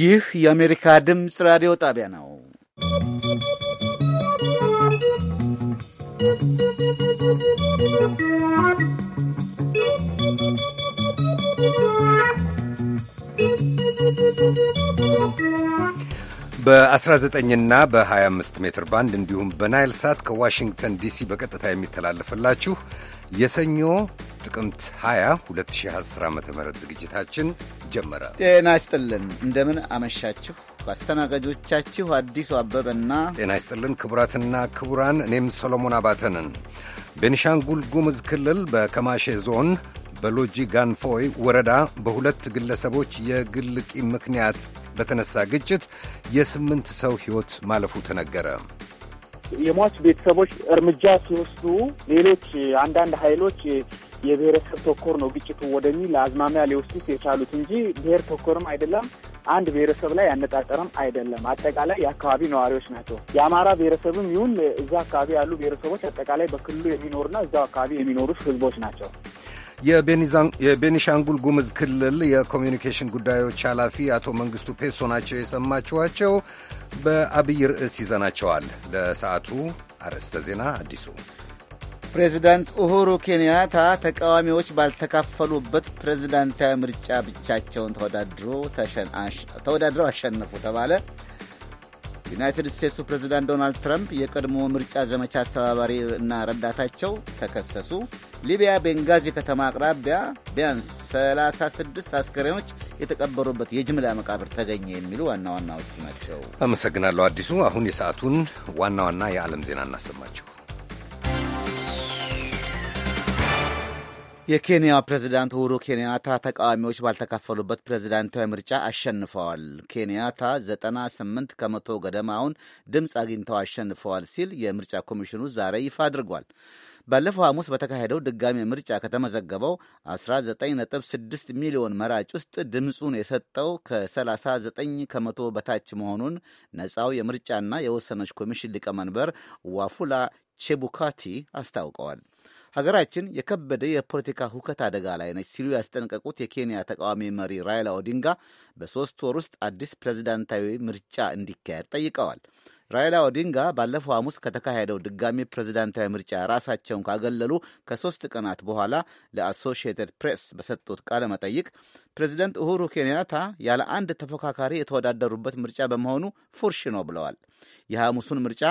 ይህ የአሜሪካ ድምፅ ራዲዮ ጣቢያ ነው። በ19ና በ25 ሜትር ባንድ እንዲሁም በናይል ሳት ከዋሽንግተን ዲሲ በቀጥታ የሚተላለፍላችሁ የሰኞ ጥቅምት 20 2010 ዓ ም ዝግጅታችን ጀመረ። ጤና ይስጥልን፣ እንደምን አመሻችሁ። አስተናጋጆቻችሁ አዲሱ አበበና ጤና ይስጥልን ክቡራትና ክቡራን፣ እኔም ሰሎሞን አባተንን ቤንሻንጉል ጉምዝ ክልል በከማሼ ዞን በሎጂ ጋንፎይ ወረዳ በሁለት ግለሰቦች የግል ቂም ምክንያት በተነሳ ግጭት የስምንት ሰው ሕይወት ማለፉ ተነገረ። የሟች ቤተሰቦች እርምጃ ሲወስዱ ሌሎች አንዳንድ ኃይሎች የብሔረሰብ ተኮር ነው ግጭቱ ወደሚል አዝማሚያ ሊወስዱት የቻሉት እንጂ ብሔር ተኮርም አይደለም፣ አንድ ብሔረሰብ ላይ ያነጣጠረም አይደለም። አጠቃላይ የአካባቢ ነዋሪዎች ናቸው። የአማራ ብሔረሰብም ይሁን እዛ አካባቢ ያሉ ብሔረሰቦች አጠቃላይ በክልሉ የሚኖሩና እዛው አካባቢ የሚኖሩት ህዝቦች ናቸው። የቤኒሻንጉል ጉምዝ ክልል የኮሚኒኬሽን ጉዳዮች ኃላፊ አቶ መንግስቱ ፔሶ ናቸው የሰማችኋቸው። በአብይ ርዕስ ይዘናቸዋል። ለሰዓቱ አርዕስተ ዜና አዲሱ ፕሬዚዳንት ኡሁሩ ኬንያታ ተቃዋሚዎች ባልተካፈሉበት ፕሬዚዳንታዊ ምርጫ ብቻቸውን ተወዳድረው አሸነፉ ተባለ። ዩናይትድ ስቴትሱ ፕሬዚዳንት ዶናልድ ትራምፕ የቀድሞ ምርጫ ዘመቻ አስተባባሪ እና ረዳታቸው ተከሰሱ። ሊቢያ ቤንጋዚ ከተማ አቅራቢያ ቢያንስ 36 አስከሬኖች የተቀበሩበት የጅምላ መቃብር ተገኘ የሚሉ ዋና ዋናዎቹ ናቸው። አመሰግናለሁ አዲሱ። አሁን የሰዓቱን ዋና ዋና የዓለም ዜና እናሰማቸው። የኬንያ ፕሬዚዳንት ኡሁሩ ኬንያታ ተቃዋሚዎች ባልተካፈሉበት ፕሬዚዳንታዊ ምርጫ አሸንፈዋል። ኬንያታ 98 ከመቶ ገደማውን ድምፅ አግኝተው አሸንፈዋል ሲል የምርጫ ኮሚሽኑ ዛሬ ይፋ አድርጓል። ባለፈው ሐሙስ በተካሄደው ድጋሚ ምርጫ ከተመዘገበው 19.6 ሚሊዮን መራጭ ውስጥ ድምፁን የሰጠው ከ39 ከመቶ በታች መሆኑን ነፃው የምርጫና የወሰኖች ኮሚሽን ሊቀመንበር ዋፉላ ቼቡካቲ አስታውቀዋል። ሀገራችን የከበደ የፖለቲካ ሁከት አደጋ ላይ ነች ሲሉ ያስጠነቀቁት የኬንያ ተቃዋሚ መሪ ራይላ ኦዲንጋ በሶስት ወር ውስጥ አዲስ ፕሬዚዳንታዊ ምርጫ እንዲካሄድ ጠይቀዋል። ራይላ ኦዲንጋ ባለፈው ሐሙስ ከተካሄደው ድጋሚ ፕሬዚዳንታዊ ምርጫ ራሳቸውን ካገለሉ ከሶስት ቀናት በኋላ ለአሶሺየትድ ፕሬስ በሰጡት ቃለ መጠይቅ ፕሬዚደንት ኡሁሩ ኬንያታ ያለ አንድ ተፎካካሪ የተወዳደሩበት ምርጫ በመሆኑ ፉርሽ ነው ብለዋል። የሐሙሱን ምርጫ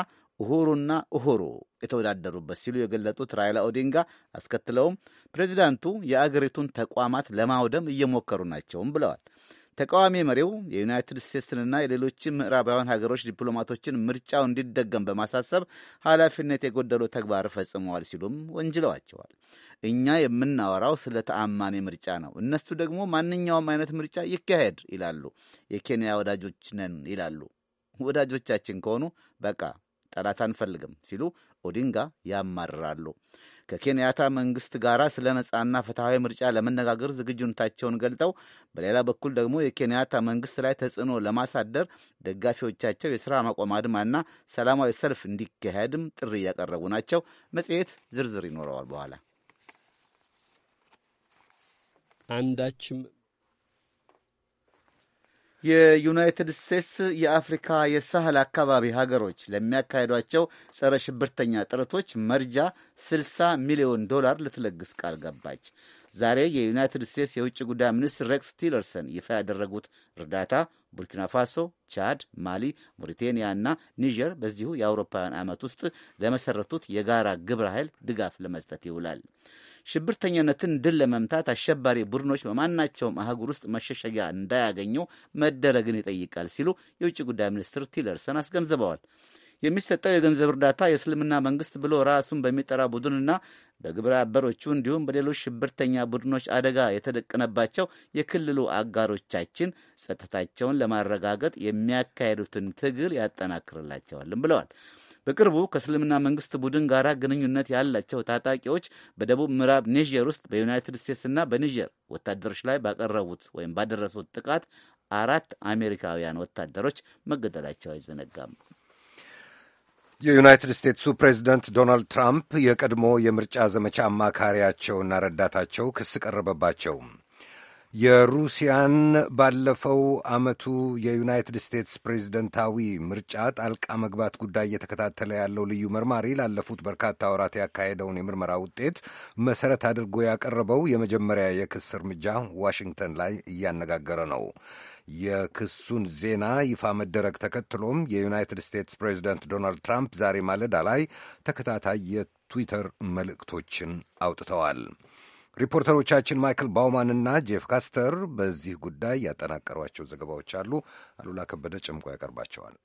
ኡሁሩና ኡሁሩ የተወዳደሩበት ሲሉ የገለጡት ራይላ ኦዲንጋ አስከትለውም ፕሬዚዳንቱ የአገሪቱን ተቋማት ለማውደም እየሞከሩ ናቸውም ብለዋል። ተቃዋሚ መሪው የዩናይትድ ስቴትስንና የሌሎችን ምዕራባውያን ሀገሮች ዲፕሎማቶችን ምርጫው እንዲደገም በማሳሰብ ኃላፊነት የጎደለው ተግባር ፈጽመዋል ሲሉም ወንጅለዋቸዋል። እኛ የምናወራው ስለ ተአማኒ ምርጫ ነው፣ እነሱ ደግሞ ማንኛውም አይነት ምርጫ ይካሄድ ይላሉ። የኬንያ ወዳጆች ነን ይላሉ። ወዳጆቻችን ከሆኑ በቃ ጠላት አንፈልግም ሲሉ ኦዲንጋ ያማርራሉ። ከኬንያታ መንግስት ጋር ስለ ነጻና ፍትሐዊ ምርጫ ለመነጋገር ዝግጁነታቸውን ገልጠው፣ በሌላ በኩል ደግሞ የኬንያታ መንግስት ላይ ተጽዕኖ ለማሳደር ደጋፊዎቻቸው የሥራ ማቆም አድማና ሰላማዊ ሰልፍ እንዲካሄድም ጥሪ እያቀረቡ ናቸው። መጽሔት ዝርዝር ይኖረዋል በኋላ አንዳችም የዩናይትድ ስቴትስ የአፍሪካ የሳህል አካባቢ ሀገሮች ለሚያካሂዷቸው ጸረ ሽብርተኛ ጥረቶች መርጃ 60 ሚሊዮን ዶላር ልትለግስ ቃል ገባች። ዛሬ የዩናይትድ ስቴትስ የውጭ ጉዳይ ሚኒስትር ሬክስ ቲለርሰን ይፋ ያደረጉት እርዳታ ቡርኪና ፋሶ፣ ቻድ፣ ማሊ፣ ሞሪቴኒያ እና ኒጀር በዚሁ የአውሮፓውያን ዓመት ውስጥ ለመሰረቱት የጋራ ግብረ ኃይል ድጋፍ ለመስጠት ይውላል። ሽብርተኝነትን ድል ለመምታት አሸባሪ ቡድኖች በማናቸውም አህጉር ውስጥ መሸሸጊያ እንዳያገኙ መደረግን ይጠይቃል ሲሉ የውጭ ጉዳይ ሚኒስትር ቲለርሰን አስገንዝበዋል። የሚሰጠው የገንዘብ እርዳታ የእስልምና መንግስት ብሎ ራሱን በሚጠራ ቡድንና በግብረ አበሮቹ እንዲሁም በሌሎች ሽብርተኛ ቡድኖች አደጋ የተደቀነባቸው የክልሉ አጋሮቻችን ጸጥታቸውን ለማረጋገጥ የሚያካሄዱትን ትግል ያጠናክርላቸዋልም ብለዋል። በቅርቡ ከእስልምና መንግስት ቡድን ጋር ግንኙነት ያላቸው ታጣቂዎች በደቡብ ምዕራብ ኒጀር ውስጥ በዩናይትድ ስቴትስና በኒጀር ወታደሮች ላይ ባቀረቡት ወይም ባደረሱት ጥቃት አራት አሜሪካውያን ወታደሮች መገደላቸው አይዘነጋም። የዩናይትድ ስቴትሱ ፕሬዚደንት ዶናልድ ትራምፕ የቀድሞ የምርጫ ዘመቻ አማካሪያቸውና ረዳታቸው ክስ ቀረበባቸው። የሩሲያን ባለፈው ዓመቱ የዩናይትድ ስቴትስ ፕሬዝደንታዊ ምርጫ ጣልቃ መግባት ጉዳይ እየተከታተለ ያለው ልዩ መርማሪ ላለፉት በርካታ ወራት ያካሄደውን የምርመራ ውጤት መሰረት አድርጎ ያቀረበው የመጀመሪያ የክስ እርምጃ ዋሽንግተን ላይ እያነጋገረ ነው። የክሱን ዜና ይፋ መደረግ ተከትሎም የዩናይትድ ስቴትስ ፕሬዚደንት ዶናልድ ትራምፕ ዛሬ ማለዳ ላይ ተከታታይ የትዊተር መልእክቶችን አውጥተዋል። ሪፖርተሮቻችን ማይክል ባውማን እና ጄፍ ካስተር በዚህ ጉዳይ ያጠናቀሯቸው ዘገባዎች አሉ። አሉላ ከበደ ጨምቆ ያቀርባቸዋል።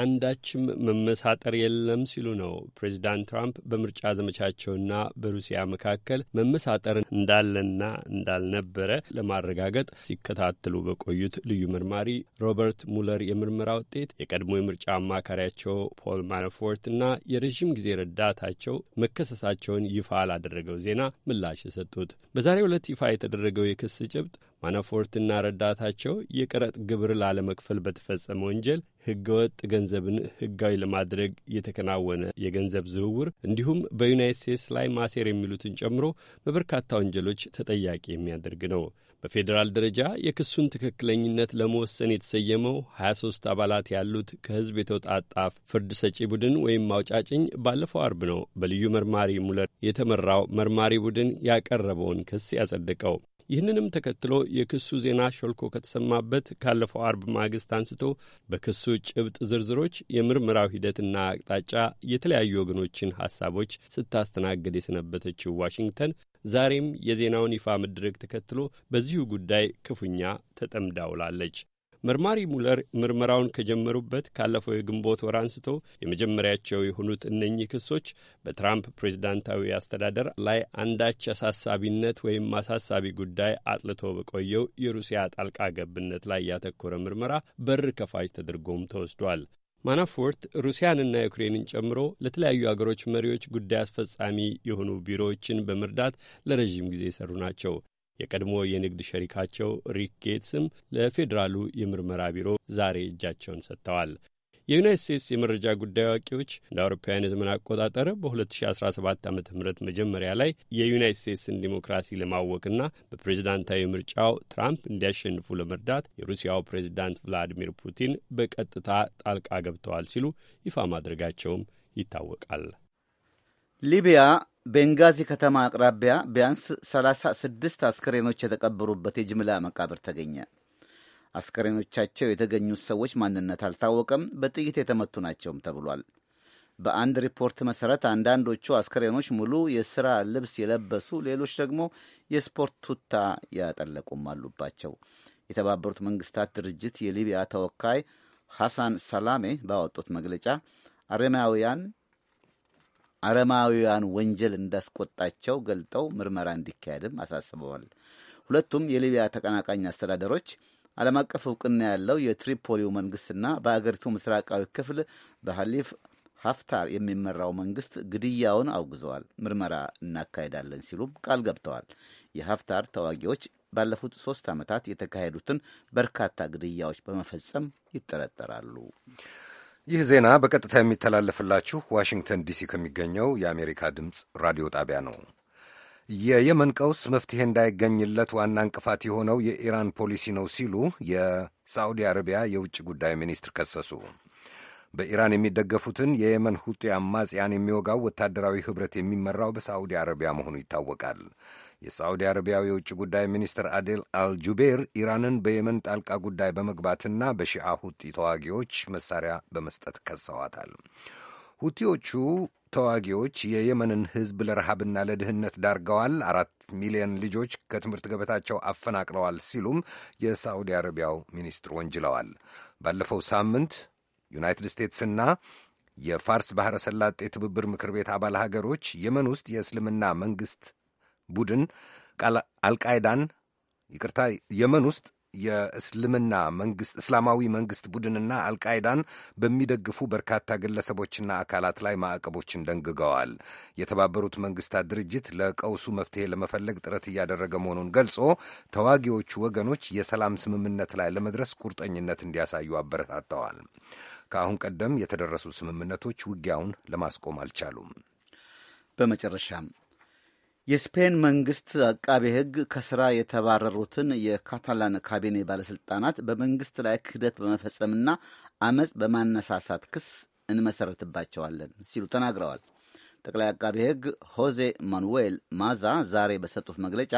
አንዳችም መመሳጠር የለም ሲሉ ነው ፕሬዚዳንት ትራምፕ በምርጫ ዘመቻቸውና በሩሲያ መካከል መመሳጠር እንዳለና እንዳልነበረ ለማረጋገጥ ሲከታተሉ በቆዩት ልዩ መርማሪ ሮበርት ሙለር የምርመራ ውጤት የቀድሞ የምርጫ አማካሪያቸው ፖል ማነፎርት እና የረዥም ጊዜ ረዳታቸው መከሰሳቸውን ይፋ ላደረገው ዜና ምላሽ የሰጡት በዛሬው ዕለት ይፋ የተደረገው የክስ ጭብጥ ማናፎርትና ረዳታቸው የቀረጥ ግብር ላለመክፈል በተፈጸመ ወንጀል ህገወጥ ገንዘብን ህጋዊ ለማድረግ የተከናወነ የገንዘብ ዝውውር እንዲሁም በዩናይት ስቴትስ ላይ ማሴር የሚሉትን ጨምሮ በበርካታ ወንጀሎች ተጠያቂ የሚያደርግ ነው። በፌዴራል ደረጃ የክሱን ትክክለኝነት ለመወሰን የተሰየመው 23 አባላት ያሉት ከህዝብ የተውጣጣ ፍርድ ሰጪ ቡድን ወይም ማውጫጭኝ ባለፈው አርብ ነው በልዩ መርማሪ ሙለር የተመራው መርማሪ ቡድን ያቀረበውን ክስ ያጸደቀው። ይህንንም ተከትሎ የክሱ ዜና ሾልኮ ከተሰማበት ካለፈው አርብ ማግስት አንስቶ በክሱ ጭብጥ ዝርዝሮች የምርመራው ሂደትና አቅጣጫ የተለያዩ ወገኖችን ሐሳቦች ስታስተናግድ የሰነበተችው ዋሽንግተን ዛሬም የዜናውን ይፋ መድረግ ተከትሎ በዚሁ ጉዳይ ክፉኛ ተጠምዳ ውላለች። መርማሪ ሙለር ምርመራውን ከጀመሩበት ካለፈው የግንቦት ወር አንስቶ የመጀመሪያቸው የሆኑት እነኚህ ክሶች በትራምፕ ፕሬዝዳንታዊ አስተዳደር ላይ አንዳች አሳሳቢነት ወይም አሳሳቢ ጉዳይ አጥልቶ በቆየው የሩሲያ ጣልቃ ገብነት ላይ ያተኮረ ምርመራ በር ከፋጅ ተደርጎም ተወስዷል። ማናፎርት ሩሲያንና ዩክሬንን ጨምሮ ለተለያዩ አገሮች መሪዎች ጉዳይ አስፈጻሚ የሆኑ ቢሮዎችን በመርዳት ለረዥም ጊዜ የሰሩ ናቸው። የቀድሞ የንግድ ሸሪካቸው ሪክ ጌትስም ለፌዴራሉ የምርመራ ቢሮ ዛሬ እጃቸውን ሰጥተዋል። የዩናይት ስቴትስ የመረጃ ጉዳይ አዋቂዎች እንደ አውሮፓውያን የዘመን አቆጣጠር በ2017 ዓ ም መጀመሪያ ላይ የዩናይት ስቴትስን ዲሞክራሲ ለማወክና በፕሬዝዳንታዊ ምርጫው ትራምፕ እንዲያሸንፉ ለመርዳት የሩሲያው ፕሬዝዳንት ቭላዲሚር ፑቲን በቀጥታ ጣልቃ ገብተዋል ሲሉ ይፋ ማድረጋቸውም ይታወቃል። ሊቢያ ቤንጋዚ ከተማ አቅራቢያ ቢያንስ 36 አስከሬኖች የተቀበሩበት የጅምላ መቃብር ተገኘ። አስከሬኖቻቸው የተገኙት ሰዎች ማንነት አልታወቀም፣ በጥይት የተመቱ ናቸውም ተብሏል። በአንድ ሪፖርት መሠረት አንዳንዶቹ አስከሬኖች ሙሉ የሥራ ልብስ የለበሱ፣ ሌሎች ደግሞ የስፖርት ቱታ ያጠለቁም አሉባቸው። የተባበሩት መንግስታት ድርጅት የሊቢያ ተወካይ ሐሳን ሰላሜ ባወጡት መግለጫ አረማውያን አረማውያን ወንጀል እንዳስቆጣቸው ገልጠው ምርመራ እንዲካሄድም አሳስበዋል። ሁለቱም የሊቢያ ተቀናቃኝ አስተዳደሮች ዓለም አቀፍ እውቅና ያለው የትሪፖሊው መንግስትና በአገሪቱ ምስራቃዊ ክፍል በሐሊፍ ሀፍታር የሚመራው መንግስት ግድያውን አውግዘዋል። ምርመራ እናካሄዳለን ሲሉም ቃል ገብተዋል። የሀፍታር ተዋጊዎች ባለፉት ሶስት ዓመታት የተካሄዱትን በርካታ ግድያዎች በመፈጸም ይጠረጠራሉ። ይህ ዜና በቀጥታ የሚተላለፍላችሁ ዋሽንግተን ዲሲ ከሚገኘው የአሜሪካ ድምፅ ራዲዮ ጣቢያ ነው። የየመን ቀውስ መፍትሄ እንዳይገኝለት ዋና እንቅፋት የሆነው የኢራን ፖሊሲ ነው ሲሉ የሳዑዲ አረቢያ የውጭ ጉዳይ ሚኒስትር ከሰሱ። በኢራን የሚደገፉትን የየመን ሁጤ አማጽያን የሚወጋው ወታደራዊ ኅብረት የሚመራው በሳዑዲ አረቢያ መሆኑ ይታወቃል። የሳዑዲ አረቢያው የውጭ ጉዳይ ሚኒስትር አዴል አልጁቤር ኢራንን በየመን ጣልቃ ጉዳይ በመግባትና በሺአ ሁጢ ተዋጊዎች መሳሪያ በመስጠት ከሰዋታል። ሁቲዎቹ ተዋጊዎች የየመንን ሕዝብ ለረሃብና ለድህነት ዳርገዋል፣ አራት ሚሊዮን ልጆች ከትምህርት ገበታቸው አፈናቅለዋል ሲሉም የሳዑዲ አረቢያው ሚኒስትር ወንጅለዋል። ባለፈው ሳምንት ዩናይትድ ስቴትስና የፋርስ ባሕረ ሰላጤ ትብብር ምክር ቤት አባል ሀገሮች የመን ውስጥ የእስልምና መንግሥት ቡድን አልቃይዳን ይቅርታ፣ የመን ውስጥ የእስልምና መንግስት እስላማዊ መንግስት ቡድንና አልቃይዳን በሚደግፉ በርካታ ግለሰቦችና አካላት ላይ ማዕቀቦችን ደንግገዋል። የተባበሩት መንግስታት ድርጅት ለቀውሱ መፍትሄ ለመፈለግ ጥረት እያደረገ መሆኑን ገልጾ ተዋጊዎቹ ወገኖች የሰላም ስምምነት ላይ ለመድረስ ቁርጠኝነት እንዲያሳዩ አበረታተዋል። ከአሁን ቀደም የተደረሱ ስምምነቶች ውጊያውን ለማስቆም አልቻሉም። በመጨረሻም የስፔን መንግስት አቃቤ ሕግ ከስራ የተባረሩትን የካታላን ካቢኔ ባለሥልጣናት በመንግስት ላይ ክህደት በመፈጸምና አመፅ በማነሳሳት ክስ እንመሰረትባቸዋለን ሲሉ ተናግረዋል። ጠቅላይ አቃቤ ሕግ ሆዜ ማኑዌል ማዛ ዛሬ በሰጡት መግለጫ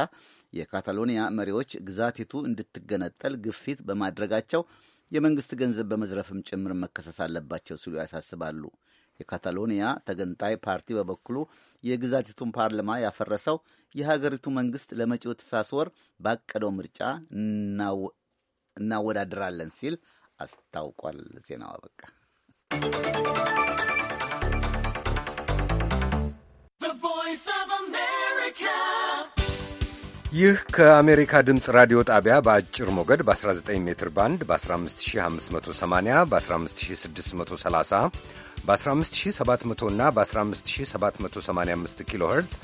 የካታሎኒያ መሪዎች ግዛቲቱ እንድትገነጠል ግፊት በማድረጋቸው የመንግስት ገንዘብ በመዝረፍም ጭምር መከሰስ አለባቸው ሲሉ ያሳስባሉ። የካታሎኒያ ተገንጣይ ፓርቲ በበኩሉ የግዛቲቱን ፓርላማ ያፈረሰው የሀገሪቱ መንግስት ለመጪው ታህሳስ ወር ባቀደው ምርጫ እናወዳድራለን ሲል አስታውቋል። ዜናው አበቃ። ይህ ከአሜሪካ ድምፅ ራዲዮ ጣቢያ በአጭር ሞገድ በ19 ሜትር ባንድ በ15580 በ15630 በ15700 እና በ15785 ኪሎ ኸርትዝ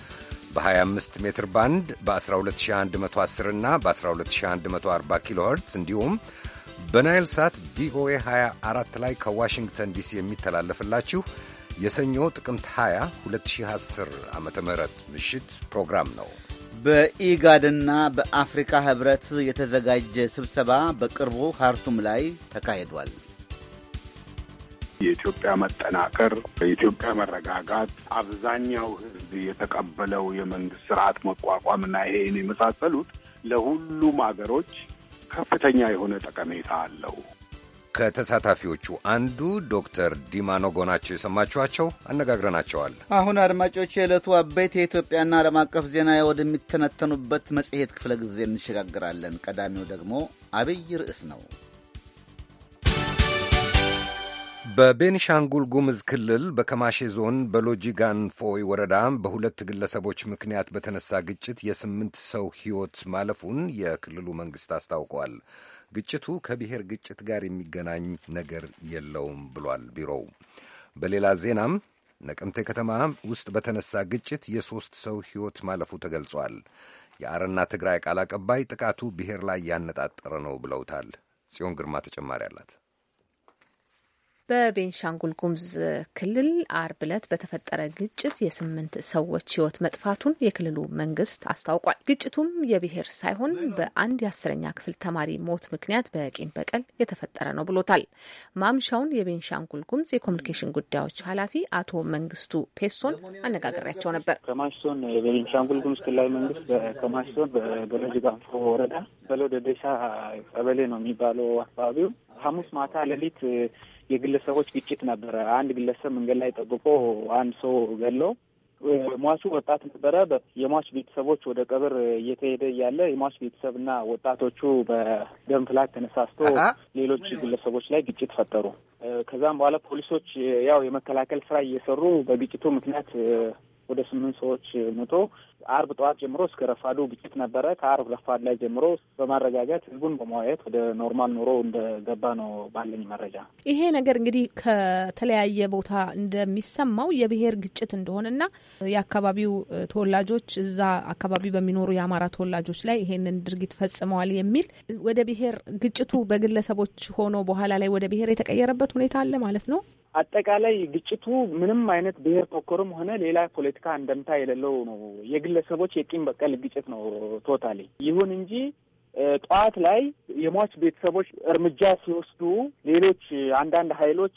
በ25 ሜትር ባንድ በ12110 እና በ12140 ኪሎ ኸርትዝ እንዲሁም በናይል ሳት ቪኦኤ 24 ላይ ከዋሽንግተን ዲሲ የሚተላለፍላችሁ የሰኞ ጥቅምት 20 2010 ዓ ም ምሽት ፕሮግራም ነው። በኢጋድና በአፍሪካ ህብረት የተዘጋጀ ስብሰባ በቅርቡ ካርቱም ላይ ተካሂዷል። የኢትዮጵያ መጠናከር፣ የኢትዮጵያ መረጋጋት፣ አብዛኛው ህዝብ የተቀበለው የመንግስት ስርዓት መቋቋም ና ይሄን የመሳሰሉት ለሁሉም አገሮች ከፍተኛ የሆነ ጠቀሜታ አለው። ከተሳታፊዎቹ አንዱ ዶክተር ዲማ ኖጎ ናቸው የሰማችኋቸው። አነጋግረናቸዋል። አሁን አድማጮች፣ የዕለቱ አበይት የኢትዮጵያና ዓለም አቀፍ ዜና ወደሚተነተኑበት መጽሔት ክፍለ ጊዜ እንሸጋግራለን። ቀዳሚው ደግሞ አብይ ርዕስ ነው። በቤኒሻንጉል ጉምዝ ክልል በከማሼ ዞን በሎጂጋን ፎይ ወረዳ በሁለት ግለሰቦች ምክንያት በተነሳ ግጭት የስምንት ሰው ሕይወት ማለፉን የክልሉ መንግሥት አስታውቋል። ግጭቱ ከብሔር ግጭት ጋር የሚገናኝ ነገር የለውም ብሏል ቢሮው። በሌላ ዜናም ነቀምቴ ከተማ ውስጥ በተነሳ ግጭት የሦስት ሰው ሕይወት ማለፉ ተገልጿል። የአረና ትግራይ ቃል አቀባይ ጥቃቱ ብሔር ላይ ያነጣጠረ ነው ብለውታል። ጽዮን ግርማ ተጨማሪ አላት። በቤንሻንጉል ጉሙዝ ክልል አርብ ዕለት በተፈጠረ ግጭት የስምንት ሰዎች ህይወት መጥፋቱን የክልሉ መንግስት አስታውቋል። ግጭቱም የብሔር ሳይሆን በአንድ የአስረኛ ክፍል ተማሪ ሞት ምክንያት በቂም በቀል የተፈጠረ ነው ብሎታል። ማምሻውን የቤንሻንጉል ጉሙዝ የኮሚኒኬሽን ጉዳዮች ኃላፊ አቶ መንግስቱ ፔሶን አነጋግሬያቸው ነበር። ከማሽ ዞን የቤንሻንጉል ጉምዝ ክልላዊ መንግስት ከማሽ ዞን በገለጅ ወረዳ በሎደደሻ ቀበሌ ነው የሚባለው አካባቢው ሐሙስ ማታ ሌሊት የግለሰቦች ግጭት ነበረ። አንድ ግለሰብ መንገድ ላይ ጠብቆ አንድ ሰው ገሎ ሟቹ ወጣት ነበረ። የሟች ቤተሰቦች ወደ ቀብር እየተሄደ እያለ የሟች ቤተሰብና ወጣቶቹ በደም ፍላጎት ተነሳስቶ ሌሎች ግለሰቦች ላይ ግጭት ፈጠሩ። ከዛም በኋላ ፖሊሶች ያው የመከላከል ስራ እየሰሩ በግጭቱ ምክንያት ወደ ስምንት ሰዎች ሞቶ አርብ ጠዋት ጀምሮ እስከ ረፋዱ ግጭት ነበረ። ከአርብ ረፋድ ላይ ጀምሮ በማረጋጋት ህዝቡን በማዋየት ወደ ኖርማል ኑሮ እንደገባ ነው ባለኝ መረጃ። ይሄ ነገር እንግዲህ ከተለያየ ቦታ እንደሚሰማው የብሔር ግጭት እንደሆነና የአካባቢው ተወላጆች እዛ አካባቢ በሚኖሩ የአማራ ተወላጆች ላይ ይሄንን ድርጊት ፈጽመዋል የሚል ወደ ብሔር ግጭቱ በግለሰቦች ሆኖ በኋላ ላይ ወደ ብሔር የተቀየረበት ሁኔታ አለ ማለት ነው። አጠቃላይ ግጭቱ ምንም አይነት ብሔር ተኮርም ሆነ ሌላ ፖለቲካ እንደምታ የሌለው ነው። የግለሰቦች የቂም በቀል ግጭት ነው ቶታሊ። ይሁን እንጂ ጠዋት ላይ የሟች ቤተሰቦች እርምጃ ሲወስዱ ሌሎች አንዳንድ ኃይሎች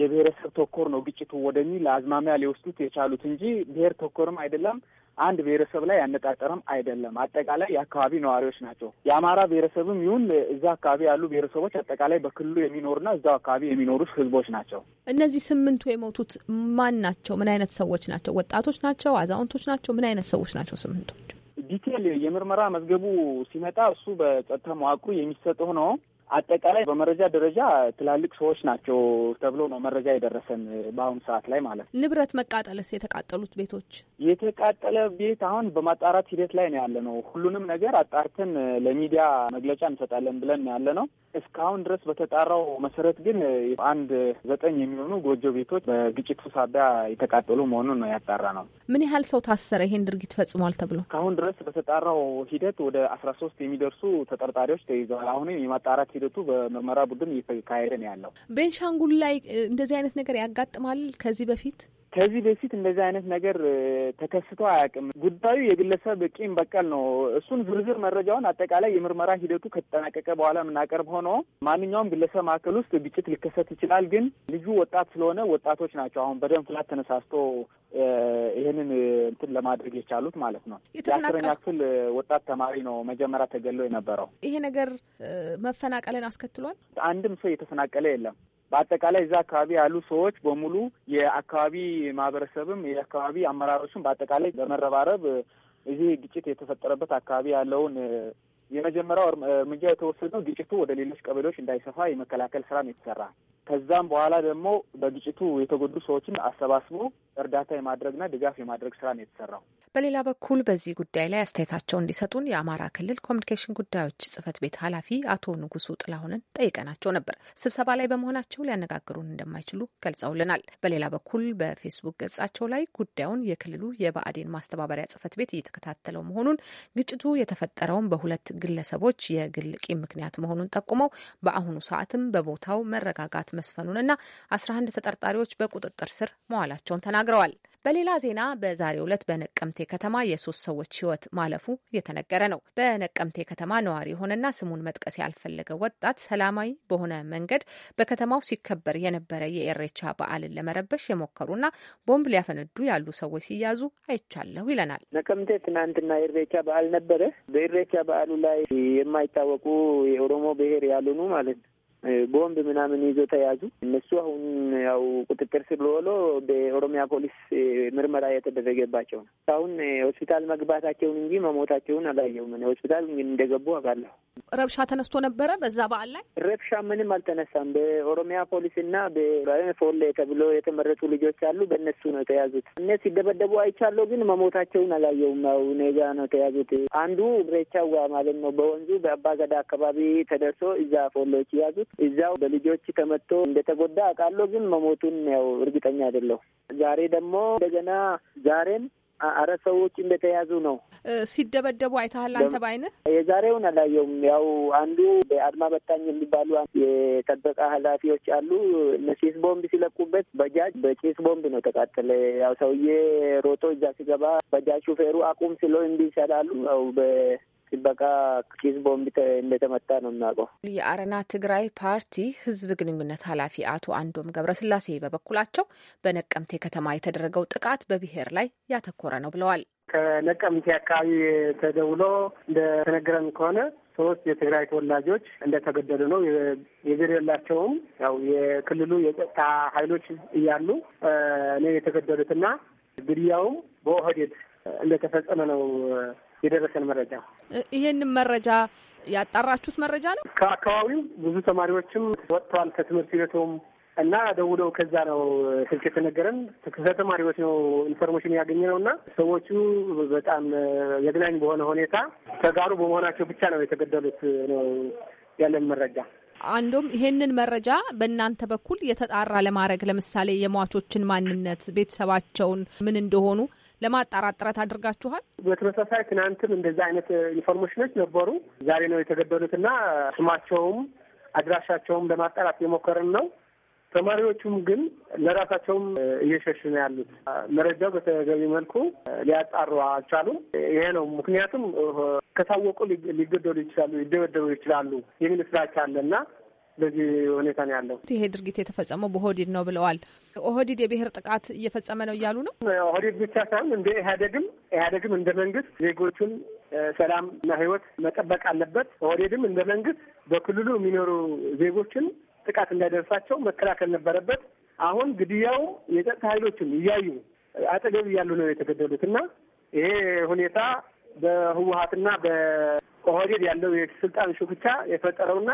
የብሔረሰብ ተኮር ነው ግጭቱ ወደሚል አዝማሚያ ሊወስዱት የቻሉት እንጂ ብሔር ተኮርም አይደለም። አንድ ብሔረሰብ ላይ ያነጣጠረም አይደለም። አጠቃላይ የአካባቢ ነዋሪዎች ናቸው። የአማራ ብሔረሰብም ይሁን እዛ አካባቢ ያሉ ብሔረሰቦች አጠቃላይ በክልሉ የሚኖሩና እዛው አካባቢ የሚኖሩ ህዝቦች ናቸው። እነዚህ ስምንቱ የሞቱት ማን ናቸው? ምን አይነት ሰዎች ናቸው? ወጣቶች ናቸው? አዛውንቶች ናቸው? ምን አይነት ሰዎች ናቸው ስምንቶች? ዲቴል የምርመራ መዝገቡ ሲመጣ እሱ በጸጥታ መዋቅሩ የሚሰጥ ሆኖ አጠቃላይ በመረጃ ደረጃ ትላልቅ ሰዎች ናቸው ተብሎ ነው መረጃ የደረሰን በአሁኑ ሰዓት ላይ ማለት ነው። ንብረት መቃጠልስ? የተቃጠሉት ቤቶች የተቃጠለ ቤት አሁን በማጣራት ሂደት ላይ ነው ያለ ነው። ሁሉንም ነገር አጣርተን ለሚዲያ መግለጫ እንሰጣለን ብለን ያለ ነው። እስካሁን ድረስ በተጣራው መሰረት ግን አንድ ዘጠኝ የሚሆኑ ጎጆ ቤቶች በግጭቱ ሳቢያ የተቃጠሉ መሆኑን ነው ያጣራ ነው። ምን ያህል ሰው ታሰረ? ይሄን ድርጊት ፈጽሟል ተብሎ እስካሁን ድረስ በተጣራው ሂደት ወደ አስራ ሶስት የሚደርሱ ተጠርጣሪዎች ተይዘዋል። አሁንም የማጣራት ሂደቱ በምርመራ ቡድን እየተካሄደ ነው ያለው። ቤንሻንጉል ላይ እንደዚህ አይነት ነገር ያጋጥማል ከዚህ በፊት ከዚህ በፊት እንደዚህ አይነት ነገር ተከስቶ አያውቅም። ጉዳዩ የግለሰብ ቂም በቀል ነው። እሱን ዝርዝር መረጃውን አጠቃላይ የምርመራ ሂደቱ ከተጠናቀቀ በኋላ የምናቀርብ ሆኖ ማንኛውም ግለሰብ ማዕከል ውስጥ ግጭት ሊከሰት ይችላል። ግን ልጁ ወጣት ስለሆነ ወጣቶች ናቸው አሁን በደም ፍላት ተነሳስቶ ይህንን እንትን ለማድረግ የቻሉት ማለት ነው። የአስረኛ ክፍል ወጣት ተማሪ ነው መጀመሪያ ተገሎ የነበረው። ይሄ ነገር መፈናቀልን አስከትሏል። አንድም ሰው የተፈናቀለ የለም። በአጠቃላይ እዛ አካባቢ ያሉ ሰዎች በሙሉ የአካባቢ ማህበረሰብም የአካባቢ አመራሮችም በአጠቃላይ በመረባረብ እዚህ ግጭት የተፈጠረበት አካባቢ ያለውን የመጀመሪያው እርምጃ የተወሰደው ግጭቱ ወደ ሌሎች ቀበሌዎች እንዳይሰፋ የመከላከል ስራም የተሰራ ከዛም በኋላ ደግሞ በግጭቱ የተጎዱ ሰዎችን አሰባስቦ እርዳታ የማድረግና ድጋፍ የማድረግ ስራ ነው የተሰራው። በሌላ በኩል በዚህ ጉዳይ ላይ አስተያየታቸው እንዲሰጡን የአማራ ክልል ኮሚኒኬሽን ጉዳዮች ጽህፈት ቤት ኃላፊ አቶ ንጉሱ ጥላሁንን ጠይቀናቸው ነበር። ስብሰባ ላይ በመሆናቸው ሊያነጋግሩን እንደማይችሉ ገልጸውልናል። በሌላ በኩል በፌስቡክ ገጻቸው ላይ ጉዳዩን የክልሉ የብአዴን ማስተባበሪያ ጽህፈት ቤት እየተከታተለው መሆኑን፣ ግጭቱ የተፈጠረውን በሁለት ግለሰቦች የግል ቂም ምክንያት መሆኑን ጠቁመው በአሁኑ ሰዓትም በቦታው መረጋጋት መስፈኑን እና አስራ ተጠርጣሪዎች በቁጥጥር ስር መዋላቸውን ተናግረዋል። በሌላ ዜና በዛሬው ዕለት በነቀምቴ ከተማ የሶስት ሰዎች ሕይወት ማለፉ እየተነገረ ነው። በነቀምቴ ከተማ ነዋሪ የሆነና ስሙን መጥቀስ ያልፈለገ ወጣት ሰላማዊ በሆነ መንገድ በከተማው ሲከበር የነበረ የኤሬቻ በዓልን ለመረበሽ የሞከሩና ቦምብ ሊያፈነዱ ያሉ ሰዎች ሲያዙ አይቻለሁ ይለናል። ነቀምቴ ትናንትና የኢሬቻ በዓል ነበረ። በኤሬቻ በዓሉ ላይ የማይታወቁ የኦሮሞ ብሔር ያልሆኑ ማለት ቦምብ ምናምን ይዞ ተያዙ። እነሱ አሁን ያው ቁጥጥር ስር ውሎ በኦሮሚያ ፖሊስ ምርመራ የተደረገባቸው ነው። አሁን ሆስፒታል መግባታቸውን እንጂ መሞታቸውን አላየሁም። ሆስፒታል እንደገቡ አውቃለሁ። ረብሻ ተነስቶ ነበረ በዛ በዓል ላይ ረብሻ ምንም አልተነሳም። በኦሮሚያ ፖሊስ እና በፎሌ ተብሎ የተመረጡ ልጆች አሉ። በእነሱ ነው የተያዙት። እነ ሲደበደቡ አይቻለሁ፣ ግን መሞታቸውን አላየሁም። ያው ኔጋ ነው የተያዙት። አንዱ ሬቻዋ ማለት ነው በወንዙ በአባገዳ አካባቢ ተደርሶ እዛ ፎሎች ያዙት እዚያው በልጆች ተመቶ እንደተጎዳ አውቃለሁ፣ ግን መሞቱን ያው እርግጠኛ አይደለሁ። ዛሬ ደግሞ እንደገና ዛሬም አራት ሰዎች እንደተያዙ ነው። ሲደበደቡ አይተሃል አንተ በአይንህ? የዛሬውን አላየውም። ያው አንዱ በአድማ በታኝ የሚባሉ የጠበቃ ኃላፊዎች አሉ። ጭስ ቦምብ ሲለቁበት በጃጅ በጭስ ቦምብ ነው ተቃጠለ። ያው ሰውዬ ሮጦ እዛ ሲገባ በጃጅ ሹፌሩ አቁም ስለው እንዲ ይሰላሉ። ያው ሲበቃ ኪስ ቦምብ እንደተመታ ነው የምናውቀው። የአረና ትግራይ ፓርቲ ህዝብ ግንኙነት ኃላፊ አቶ አንዶም ገብረስላሴ በበኩላቸው በነቀምቴ ከተማ የተደረገው ጥቃት በብሔር ላይ ያተኮረ ነው ብለዋል። ከነቀምቴ አካባቢ ተደውሎ እንደተነገረን ከሆነ ሶስት የትግራይ ተወላጆች እንደተገደሉ ነው። የላቸውም። ያው የክልሉ የጸጥታ ኃይሎች እያሉ ነው የተገደሉትና ግድያውም በኦህዴድ እንደተፈጸመ ነው የደረሰን መረጃ። ይሄንን መረጃ ያጣራችሁት መረጃ ነው? ከአካባቢው ብዙ ተማሪዎችም ወጥተዋል ከትምህርት ቤቱም እና ደውለው ከዛ ነው ስልክ የተነገረን። ከተማሪዎች ነው ኢንፎርሜሽን ያገኘ ነው እና ሰዎቹ በጣም የግናኝ በሆነ ሁኔታ ተጋሩ በመሆናቸው ብቻ ነው የተገደሉት ነው ያለን መረጃ። አንዱም ይሄንን መረጃ በእናንተ በኩል የተጣራ ለማድረግ ለምሳሌ የሟቾችን ማንነት፣ ቤተሰባቸውን ምን እንደሆኑ ለማጣራት ጥረት አድርጋችኋል? በተመሳሳይ ትናንትም እንደዚህ አይነት ኢንፎርሜሽኖች ነበሩ። ዛሬ ነው የተገደሉትና ስማቸውም አድራሻቸውም ለማጣራት የሞከርን ነው። ተማሪዎቹም ግን ለራሳቸውም እየሸሽ ነው ያሉት። መረጃው በተገቢ መልኩ ሊያጣሩ አልቻሉም። ይሄ ነው ምክንያቱም ከታወቁ ሊገደሉ ይችላሉ፣ ሊደበደቡ ይችላሉ የሚል ስራች አለ እና በዚህ ሁኔታ ነው ያለው። ይሄ ድርጊት የተፈጸመው በኦህዴድ ነው ብለዋል። ኦህዴድ የብሔር ጥቃት እየፈጸመ ነው እያሉ ነው። ኦህዴድ ብቻ ሳይሆን እንደ ኢህአዴግም ኢህአዴግም እንደ መንግስት ዜጎቹን ሰላምና ህይወት መጠበቅ አለበት። ኦህዴድም እንደ መንግስት በክልሉ የሚኖሩ ዜጎችን ጥቃት እንዳይደርሳቸው መከላከል ነበረበት። አሁን ግድያው የጸጥታ ኃይሎችን እያዩ አጠገብ እያሉ ነው የተገደሉት እና ይሄ ሁኔታ በህወሀትና በኦህዴድ ያለው የስልጣን ሹክቻ የፈጠረውና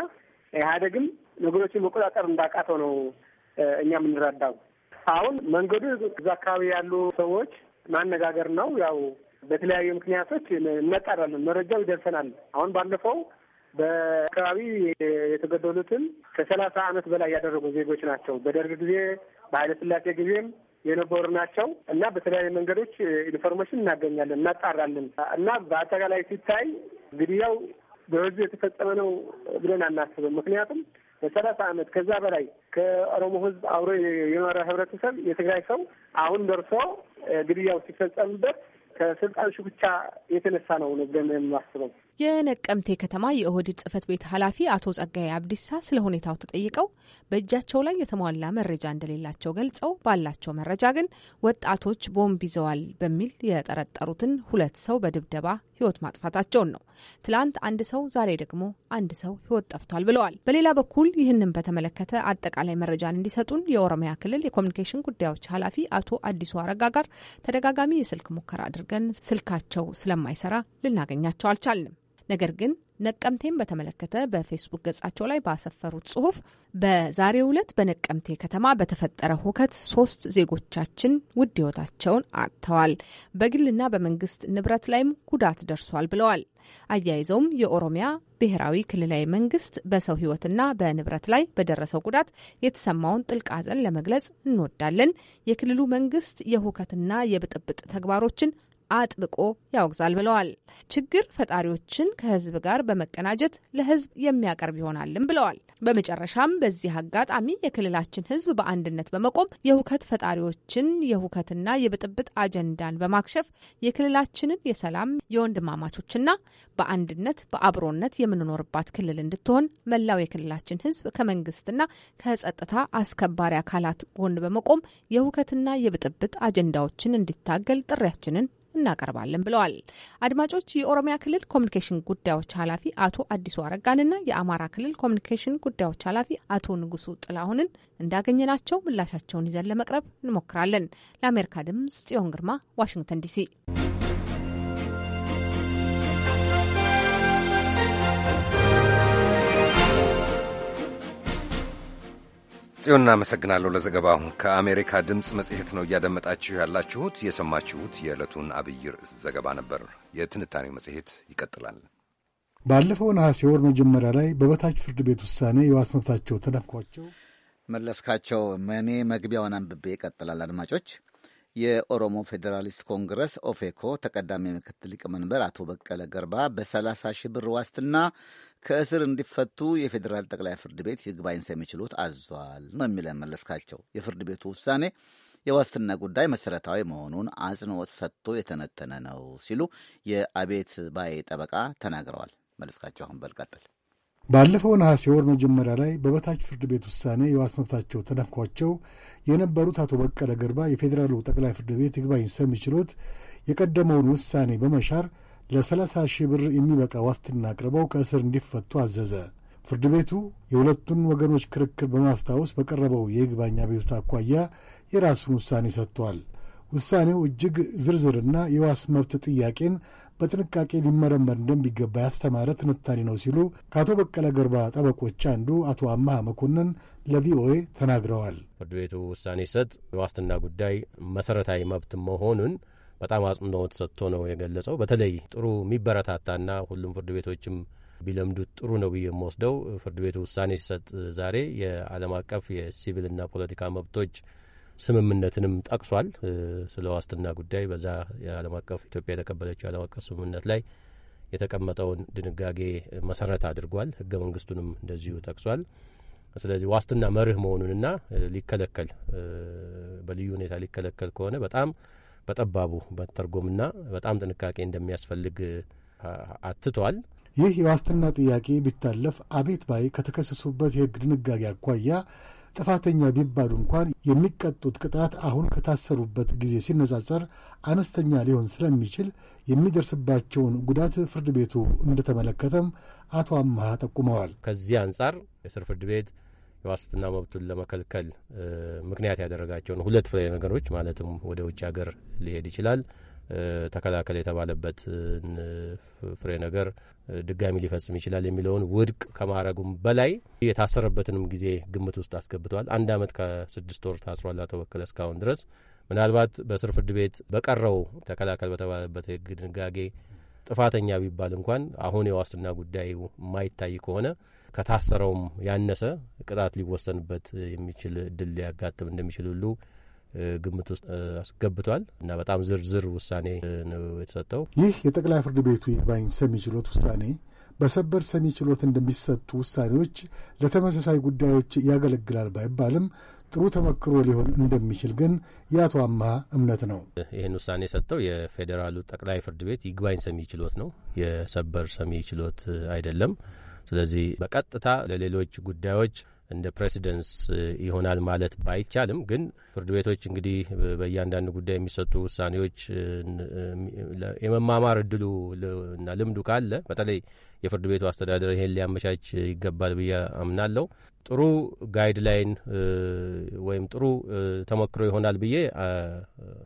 ኢህአዴግም ነገሮችን መቆጣጠር እንዳቃተው ነው እኛ የምንረዳው። አሁን መንገዱ እዛ አካባቢ ያሉ ሰዎች ማነጋገር ነው። ያው በተለያዩ ምክንያቶች እናጣራለን፣ መረጃው ይደርሰናል። አሁን ባለፈው በአካባቢ የተገደሉትን ከሰላሳ አመት በላይ ያደረጉ ዜጎች ናቸው። በደርግ ጊዜ በኃይለ ስላሴ ጊዜም የነበሩ ናቸው እና በተለያዩ መንገዶች ኢንፎርሜሽን እናገኛለን፣ እናጣራለን እና በአጠቃላይ ሲታይ ግድያው በህዝብ የተፈጸመ ነው ብለን አናስብም። ምክንያቱም በሰላሳ ዓመት ከዛ በላይ ከኦሮሞ ህዝብ አብሮ የኖረ ህብረተሰብ የትግራይ ሰው አሁን ደርሶ ግድያው ሲፈጸምበት ከስልጣን ሽኩቻ የተነሳ ነው ብለን የማስበው። የነቀምቴ ከተማ የኦህዴድ ጽህፈት ቤት ኃላፊ አቶ ጸጋዬ አብዲሳ ስለ ሁኔታው ተጠይቀው በእጃቸው ላይ የተሟላ መረጃ እንደሌላቸው ገልጸው ባላቸው መረጃ ግን ወጣቶች ቦምብ ይዘዋል በሚል የጠረጠሩትን ሁለት ሰው በድብደባ ህይወት ማጥፋታቸውን ነው። ትላንት አንድ ሰው፣ ዛሬ ደግሞ አንድ ሰው ህይወት ጠፍቷል ብለዋል። በሌላ በኩል ይህንን በተመለከተ አጠቃላይ መረጃን እንዲሰጡን የኦሮሚያ ክልል የኮሚኒኬሽን ጉዳዮች ኃላፊ አቶ አዲሱ አረጋ ጋር ተደጋጋሚ የስልክ ሙከራ አድርገን ስልካቸው ስለማይሰራ ልናገኛቸው አልቻልንም። ነገር ግን ነቀምቴን በተመለከተ በፌስቡክ ገጻቸው ላይ ባሰፈሩት ጽሁፍ በዛሬው ዕለት በነቀምቴ ከተማ በተፈጠረ ሁከት ሶስት ዜጎቻችን ውድ ህይወታቸውን አጥተዋል፣ በግልና በመንግስት ንብረት ላይም ጉዳት ደርሷል ብለዋል። አያይዘውም የኦሮሚያ ብሔራዊ ክልላዊ መንግስት በሰው ህይወትና በንብረት ላይ በደረሰው ጉዳት የተሰማውን ጥልቅ ሐዘን ለመግለጽ እንወዳለን። የክልሉ መንግስት የሁከትና የብጥብጥ ተግባሮችን አጥብቆ ያወግዛል ብለዋል። ችግር ፈጣሪዎችን ከህዝብ ጋር በመቀናጀት ለህዝብ የሚያቀርብ ይሆናልም ብለዋል። በመጨረሻም በዚህ አጋጣሚ የክልላችን ህዝብ በአንድነት በመቆም የሁከት ፈጣሪዎችን የሁከትና የብጥብጥ አጀንዳን በማክሸፍ የክልላችንን የሰላም የወንድማማቾችና በአንድነት በአብሮነት የምንኖርባት ክልል እንድትሆን መላው የክልላችን ህዝብ ከመንግስትና ከጸጥታ አስከባሪ አካላት ጎን በመቆም የሁከትና የብጥብጥ አጀንዳዎችን እንዲታገል ጥሪያችንን እናቀርባለን ብለዋል። አድማጮች የኦሮሚያ ክልል ኮሚኒኬሽን ጉዳዮች ኃላፊ አቶ አዲሱ አረጋንና የአማራ ክልል ኮሚኒኬሽን ጉዳዮች ኃላፊ አቶ ንጉሱ ጥላሁንን እንዳገኘናቸው ምላሻቸውን ይዘን ለመቅረብ እንሞክራለን። ለአሜሪካ ድምጽ ጽዮን ግርማ ዋሽንግተን ዲሲ ጽዮን እናመሰግናለሁ ለዘገባው። ከአሜሪካ ድምፅ መጽሔት ነው እያደመጣችሁ ያላችሁት። የሰማችሁት የዕለቱን አብይ ርዕስ ዘገባ ነበር። የትንታኔው መጽሔት ይቀጥላል። ባለፈው ነሐሴ ወር መጀመሪያ ላይ በበታች ፍርድ ቤት ውሳኔ የዋስ መብታቸው ተነፍቋቸው መለስካቸው እኔ መግቢያውን አንብቤ ይቀጥላል አድማጮች የኦሮሞ ፌዴራሊስት ኮንግረስ ኦፌኮ ተቀዳሚ ምክትል ሊቀመንበር አቶ በቀለ ገርባ በ30 ሺህ ብር ዋስትና ከእስር እንዲፈቱ የፌዴራል ጠቅላይ ፍርድ ቤት ይግባኝ ሰሚ ችሎት አዟል ነው የሚለን መለስካቸው። የፍርድ ቤቱ ውሳኔ የዋስትና ጉዳይ መሰረታዊ መሆኑን አጽንኦት ሰጥቶ የተነተነ ነው ሲሉ የአቤት ባይ ጠበቃ ተናግረዋል። መለስካቸው አሁን በልቀጥል ባለፈው ነሐሴ ወር መጀመሪያ ላይ በበታች ፍርድ ቤት ውሳኔ የዋስ መብታቸው ተነፍኳቸው የነበሩት አቶ በቀለ ገርባ የፌዴራሉ ጠቅላይ ፍርድ ቤት ይግባኝ ሰሚ ችሎት የቀደመውን ውሳኔ በመሻር ለሰላሳ ሺህ ብር የሚበቃ ዋስትና አቅርበው ከእስር እንዲፈቱ አዘዘ። ፍርድ ቤቱ የሁለቱን ወገኖች ክርክር በማስታወስ በቀረበው የይግባኝ አቤቱታ አኳያ የራሱን ውሳኔ ሰጥቷል። ውሳኔው እጅግ ዝርዝርና የዋስ መብት ጥያቄን በጥንቃቄ ሊመረመር እንደሚገባ ያስተማረ ትንታኔ ነው ሲሉ ከአቶ በቀለ ገርባ ጠበቆች አንዱ አቶ አመሃ መኮንን ለቪኦኤ ተናግረዋል። ፍርድ ቤቱ ውሳኔ ሲሰጥ የዋስትና ጉዳይ መሰረታዊ መብት መሆኑን በጣም አጽንኦት ሰጥቶ ነው የገለጸው። በተለይ ጥሩ የሚበረታታና ሁሉም ፍርድ ቤቶችም ቢለምዱት ጥሩ ነው ብዬ የምወስደው ፍርድ ቤቱ ውሳኔ ሲሰጥ ዛሬ የዓለም አቀፍ የሲቪልና ፖለቲካ መብቶች ስምምነትንም ጠቅሷል። ስለ ዋስትና ጉዳይ በዛ የዓለም አቀፍ ኢትዮጵያ የተቀበለችው የዓለም አቀፍ ስምምነት ላይ የተቀመጠውን ድንጋጌ መሰረት አድርጓል። ህገ መንግስቱንም እንደዚሁ ጠቅሷል። ስለዚህ ዋስትና መርህ መሆኑንና ሊከለከል በልዩ ሁኔታ ሊከለከል ከሆነ በጣም በጠባቡ በተርጎምና በጣም ጥንቃቄ እንደሚያስፈልግ አትቷል። ይህ የዋስትና ጥያቄ ቢታለፍ አቤት ባይ ከተከሰሱበት የህግ ድንጋጌ አኳያ ጥፋተኛ ቢባሉ እንኳን የሚቀጡት ቅጣት አሁን ከታሰሩበት ጊዜ ሲነጻጸር አነስተኛ ሊሆን ስለሚችል የሚደርስባቸውን ጉዳት ፍርድ ቤቱ እንደተመለከተም አቶ አምሃ ጠቁመዋል። ከዚህ አንጻር የስር ፍርድ ቤት የዋስትና መብቱን ለመከልከል ምክንያት ያደረጋቸውን ሁለት ፍሬ ነገሮች ማለትም ወደ ውጭ ሀገር ሊሄድ ይችላል ተከላከል የተባለበት ፍሬ ነገር ድጋሚ ሊፈጽም ይችላል የሚለውን ውድቅ ከማድረጉም በላይ የታሰረበትንም ጊዜ ግምት ውስጥ አስገብተዋል። አንድ አመት ከስድስት ወር ታስሯል አቶ እስካሁን ድረስ ምናልባት በስር ፍርድ ቤት በቀረው ተከላከል በተባለበት ህግ ድንጋጌ ጥፋተኛ ቢባል እንኳን አሁን የዋስትና ጉዳዩ የማይታይ ከሆነ ከታሰረውም ያነሰ ቅጣት ሊወሰንበት የሚችል እድል ሊያጋጥም እንደሚችል ሁሉ ግምት ውስጥ አስገብቷል እና በጣም ዝርዝር ውሳኔ ነው የተሰጠው። ይህ የጠቅላይ ፍርድ ቤቱ ይግባኝ ሰሚ ችሎት ውሳኔ በሰበር ሰሚ ችሎት እንደሚሰጡ ውሳኔዎች ለተመሳሳይ ጉዳዮች ያገለግላል ባይባልም ጥሩ ተመክሮ ሊሆን እንደሚችል ግን የአቶ አማሃ እምነት ነው። ይህን ውሳኔ የሰጠው የፌዴራሉ ጠቅላይ ፍርድ ቤት ይግባኝ ሰሚ ችሎት ነው፣ የሰበር ሰሚ ችሎት አይደለም። ስለዚህ በቀጥታ ለሌሎች ጉዳዮች እንደ ፕሬሲደንስ ይሆናል ማለት ባይቻልም ግን ፍርድ ቤቶች እንግዲህ በእያንዳንድ ጉዳይ የሚሰጡ ውሳኔዎች የመማማር እድሉ እና ልምዱ ካለ በተለይ የፍርድ ቤቱ አስተዳደር ይሄን ሊያመቻች ይገባል ብዬ አምናለሁ። ጥሩ ጋይድላይን ወይም ጥሩ ተሞክሮ ይሆናል ብዬ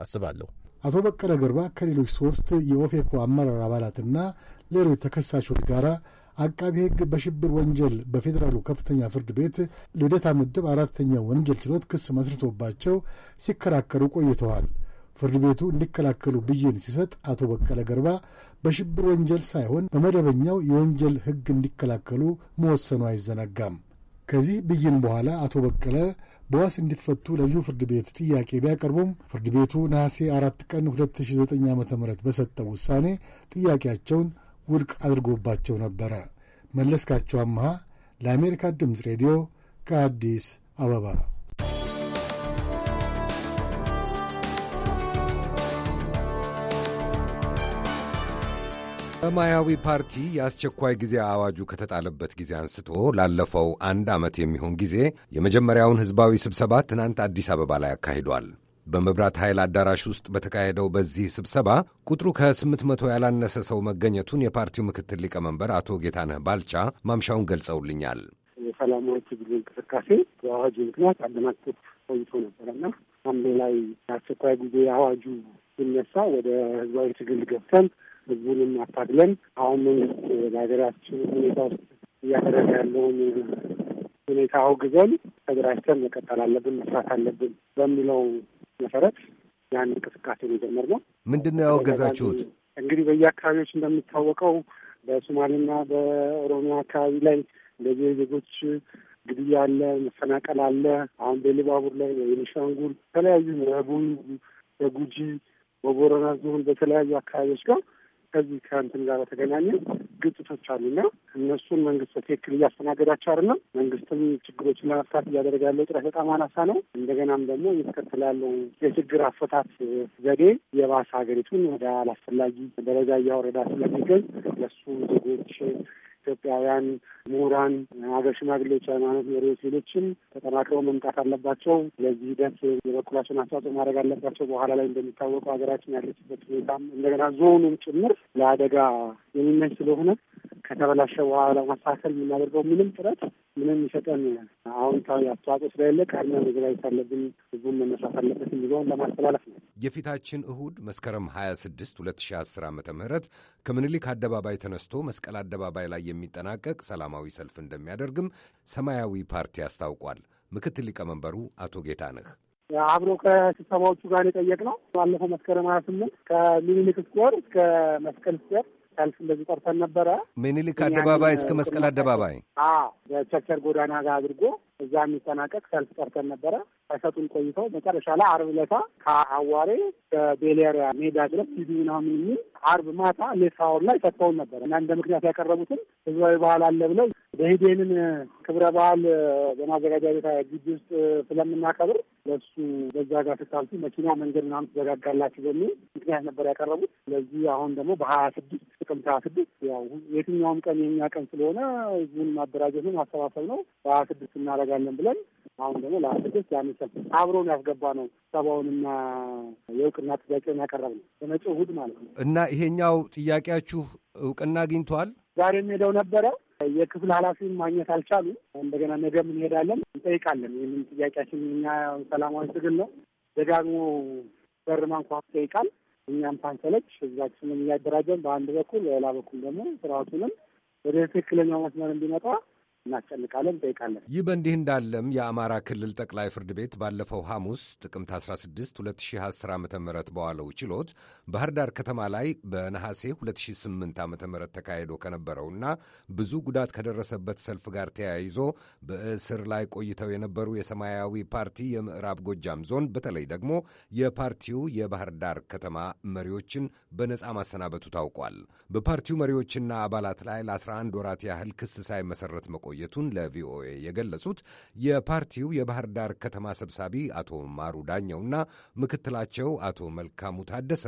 አስባለሁ። አቶ በቀለ ገርባ ከሌሎች ሶስት የኦፌኮ አመራር አባላትና ሌሎች ተከሳሾች ጋራ አቃቢ ሕግ በሽብር ወንጀል በፌዴራሉ ከፍተኛ ፍርድ ቤት ልደታ ምድብ አራተኛ ወንጀል ችሎት ክስ መስርቶባቸው ሲከራከሩ ቆይተዋል። ፍርድ ቤቱ እንዲከላከሉ ብይን ሲሰጥ አቶ በቀለ ገርባ በሽብር ወንጀል ሳይሆን በመደበኛው የወንጀል ሕግ እንዲከላከሉ መወሰኑ አይዘነጋም። ከዚህ ብይን በኋላ አቶ በቀለ በዋስ እንዲፈቱ ለዚሁ ፍርድ ቤት ጥያቄ ቢያቀርቡም ፍርድ ቤቱ ነሐሴ አራት ቀን 2009 ዓ ም በሰጠው ውሳኔ ጥያቄያቸውን ውድቅ አድርጎባቸው ነበረ። መለስካቸው አምሃ ለአሜሪካ ድምፅ ሬዲዮ ከአዲስ አበባ ሰማያዊ ፓርቲ የአስቸኳይ ጊዜ አዋጁ ከተጣለበት ጊዜ አንስቶ ላለፈው አንድ ዓመት የሚሆን ጊዜ የመጀመሪያውን ሕዝባዊ ስብሰባ ትናንት አዲስ አበባ ላይ አካሂዷል። በመብራት ኃይል አዳራሽ ውስጥ በተካሄደው በዚህ ስብሰባ ቁጥሩ ከስምንት መቶ ያላነሰ ሰው መገኘቱን የፓርቲው ምክትል ሊቀመንበር አቶ ጌታነህ ባልቻ ማምሻውን ገልጸውልኛል። የሰላማዊ ትግል እንቅስቃሴ በአዋጁ ምክንያት አደናቅፎት ቆይቶ ነበረና አንድ ላይ የአስቸኳይ ጊዜ አዋጁ ሲነሳ ወደ ህዝባዊ ትግል ገብተን ህዝቡንም አታግለን አሁን መንግስት በሀገራችን ሁኔታ ውስጥ እያደረገ ያለውን ሁኔታ አውግዘን ተደራጅተን መቀጠል አለብን፣ መስራት አለብን በሚለው መሰረት ያን እንቅስቃሴ መጀመር ነው። ምንድን ነው ያወገዛችሁት? እንግዲህ በየአካባቢዎች እንደሚታወቀው በሶማሌና በኦሮሚያ አካባቢ ላይ እንደዚህ ዜጎች ግድያ አለ፣ መፈናቀል አለ። አሁን በሊባቡር ላይ በቤኒሻንጉል፣ በተለያዩ በጉጂ፣ በቦረና ዞን በተለያዩ አካባቢዎች ጋር ከዚህ ከእንትን ጋር በተገናኘ ግጭቶች አሉና እነሱን መንግስት በትክክል እያስተናገዳቸው አይደለም። መንግስትም ችግሮችን ለመፍታት እያደረገ ያለው ጥረት በጣም አናሳ ነው። እንደገናም ደግሞ እየተከተለ ያለው የችግር አፈታት ዘዴ የባሰ ሀገሪቱን ወደ አላስፈላጊ ደረጃ እያወረዳ ስለሚገኝ ለሱ ዜጎች ኢትዮጵያውያን ምሁራን፣ ሀገር ሽማግሌዎች፣ ሃይማኖት መሪዎች፣ ሌሎችም ተጠናክረው መምጣት አለባቸው። ለዚህ ሂደት የበኩላቸውን አስተዋጽኦ ማድረግ አለባቸው። በኋላ ላይ እንደሚታወቀው ሀገራችን ያለችበት ሁኔታም እንደገና ዞኑም ጭምር ለአደጋ የሚመች ስለሆነ ከተበላሸ በኋላ ማስተካከል የምናደርገው ምንም ጥረት ምንም ይሰጠን አዎንታዊ አስተዋጽኦ ስለሌለ ቀድመ መዘጋጀት አለብን፣ ህዝቡን መነሳት አለበት የሚለውን ለማስተላለፍ ነው። የፊታችን እሁድ መስከረም 26 2010 ዓ ም ከምኒልክ አደባባይ ተነስቶ መስቀል አደባባይ ላይ የሚጠናቀቅ ሰላማዊ ሰልፍ እንደሚያደርግም ሰማያዊ ፓርቲ አስታውቋል። ምክትል ሊቀመንበሩ አቶ ጌታነህ አብሮ ከስብሰባዎቹ ጋር የጠየቅ ነው። ባለፈው መስከረም ሀያ ስምንት ከሚኒሊክ ስቆር እስከ መስቀል ስቆር ሰልፍ እንደዚህ ጠርተን ነበረ። ሚኒሊክ አደባባይ እስከ መስቀል አደባባይ በቸርቸር ጎዳና ጋር አድርጎ እዛ የሚጠናቀቅ ሰልፍ ጠርተን ነበረ። አይሰጡን ቆይተው መጨረሻ ላይ አርብ ለታ ከአዋሬ በቤሌሪያ ሜዳ ድረስ ሂዱ ምናምን የሚል አርብ ማታ ሌሳውን ላይ ሰጥተውን ነበረ እና እንደ ምክንያት ያቀረቡትም ህዝባዊ ባህል አለ ብለው በሂዴንን ክብረ በዓል በማዘጋጃ ቤት ግቢ ውስጥ ስለምናከብር ለሱ በዛ ጋር ስታልፉ መኪና መንገድ ምናምን ትዘጋጋላችሁ በሚል ምክንያት ነበር ያቀረቡት። ስለዚህ አሁን ደግሞ በሀያ ስድስት ጥቅምት ሀያ ስድስት ያው የትኛውም ቀን የኛ ቀን ስለሆነ ህዝቡን ማደራጀት ማሰባሰብ ነው በሀያ ስድስት እናረ እናደርጋለን ብለን አሁን ደግሞ ለአትክልት ያንሰ አብሮን ያስገባ ነው ሰባውንና የእውቅና ጥያቄውን ያቀረብ ነው በመጪው እሑድ ማለት ነው። እና ይሄኛው ጥያቄያችሁ እውቅና አግኝተዋል? ዛሬ ሄደው ነበረ የክፍል ኃላፊ ማግኘት አልቻሉ። እንደገና ነገም እንሄዳለን እንጠይቃለን። ይህም ጥያቄያችን እኛ ሰላማዊ ትግል ነው። ደጋግሞ በርማ እንኳ ይጠይቃል። እኛም ፓንሰለች ህዝባችንም እያደራጀን በአንድ በኩል በሌላ በኩል ደግሞ ስርዓቱንም ወደ ትክክለኛው መስመር እንዲመጣ እናስጨንቃለን፣ ጠይቃለን። ይህ በእንዲህ እንዳለም የአማራ ክልል ጠቅላይ ፍርድ ቤት ባለፈው ሐሙስ ጥቅምት 16 2010 ዓ ም በዋለው ችሎት ባህር ዳር ከተማ ላይ በነሐሴ 2008 ዓ ም ተካሂዶ ከነበረውና ብዙ ጉዳት ከደረሰበት ሰልፍ ጋር ተያይዞ በእስር ላይ ቆይተው የነበሩ የሰማያዊ ፓርቲ የምዕራብ ጎጃም ዞን በተለይ ደግሞ የፓርቲው የባህር ዳር ከተማ መሪዎችን በነፃ ማሰናበቱ ታውቋል። በፓርቲው መሪዎችና አባላት ላይ ለ11 ወራት ያህል ክስ ሳይመሰረት መቆ መቆየቱን ለቪኦኤ የገለጹት የፓርቲው የባህር ዳር ከተማ ሰብሳቢ አቶ ማሩ ዳኘውና ምክትላቸው አቶ መልካሙ ታደሰ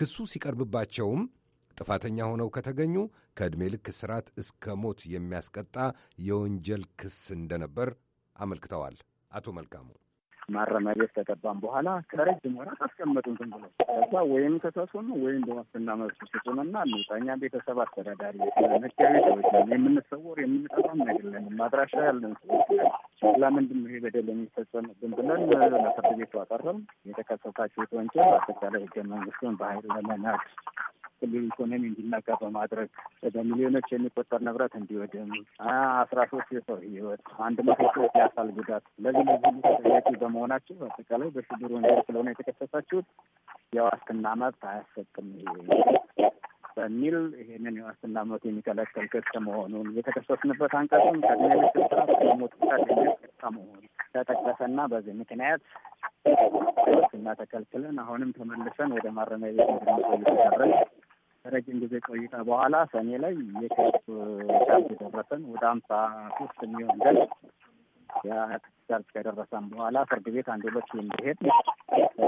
ክሱ ሲቀርብባቸውም ጥፋተኛ ሆነው ከተገኙ ከዕድሜ ልክ ስርዓት እስከ ሞት የሚያስቀጣ የወንጀል ክስ እንደነበር አመልክተዋል። አቶ መልካሙ ማረሚያ ቤት ከገባን በኋላ ከረጅም ወራት አስቀመጡን። ዝም ብሎ ከዛ ወይም ከሰሱን ወይም በዋስትና መብት ስጡንና እንውጣ። እኛ ቤተሰብ አስተዳዳሪ ህጋዊ ሰዎች የምንሰወር የምንጠፋም አይደለንም። ማድራሻ ያለን ሰዎች ለምንድን ነው ይሄ በደል የሚፈጸምብን ብለን ለፍርድ ቤቱ አቀረም። የተከሰሳችሁት ወንጀል አጠቃላይ ህገ መንግስቱን በሀይል ለመናድ የክልሉ ኢኮኖሚ እንዲናጋ በማድረግ በሚሊዮኖች የሚቆጠር ንብረት እንዲወድም አስራ ሶስት የሰው ህይወት አንድ መቶ ሰዎች የአካል ጉዳት ለዚህ ለዚህ ተጠያቂ በመሆናቸው በአጠቃላይ በሽብር ወንጀል ስለሆነ የተከሰሳችሁት የዋስትና መብት አያሰጥም በሚል ይሄንን የዋስትና መብት የሚከለከል ክስ መሆኑን የተከሰስንበት አንቀጽም ከዚህ ስራ ሞት የሚያስቀጣ መሆኑ ተጠቀሰና በዚህ ምክንያት እና ተከልክለን አሁንም ተመልሰን ወደ ማረሚያ ቤት እንድንቆይ ተደረገ። ረጅም ጊዜ ቆይታ በኋላ ሰኔ ላይ የከፍ ቻርጅ የደረሰን ወደ አምሳ ሶስት የሚሆን ገል የአትክ ቻርጅ ከደረሰን በኋላ ፍርድ ቤት አንድ ሁለት እንዲሄድ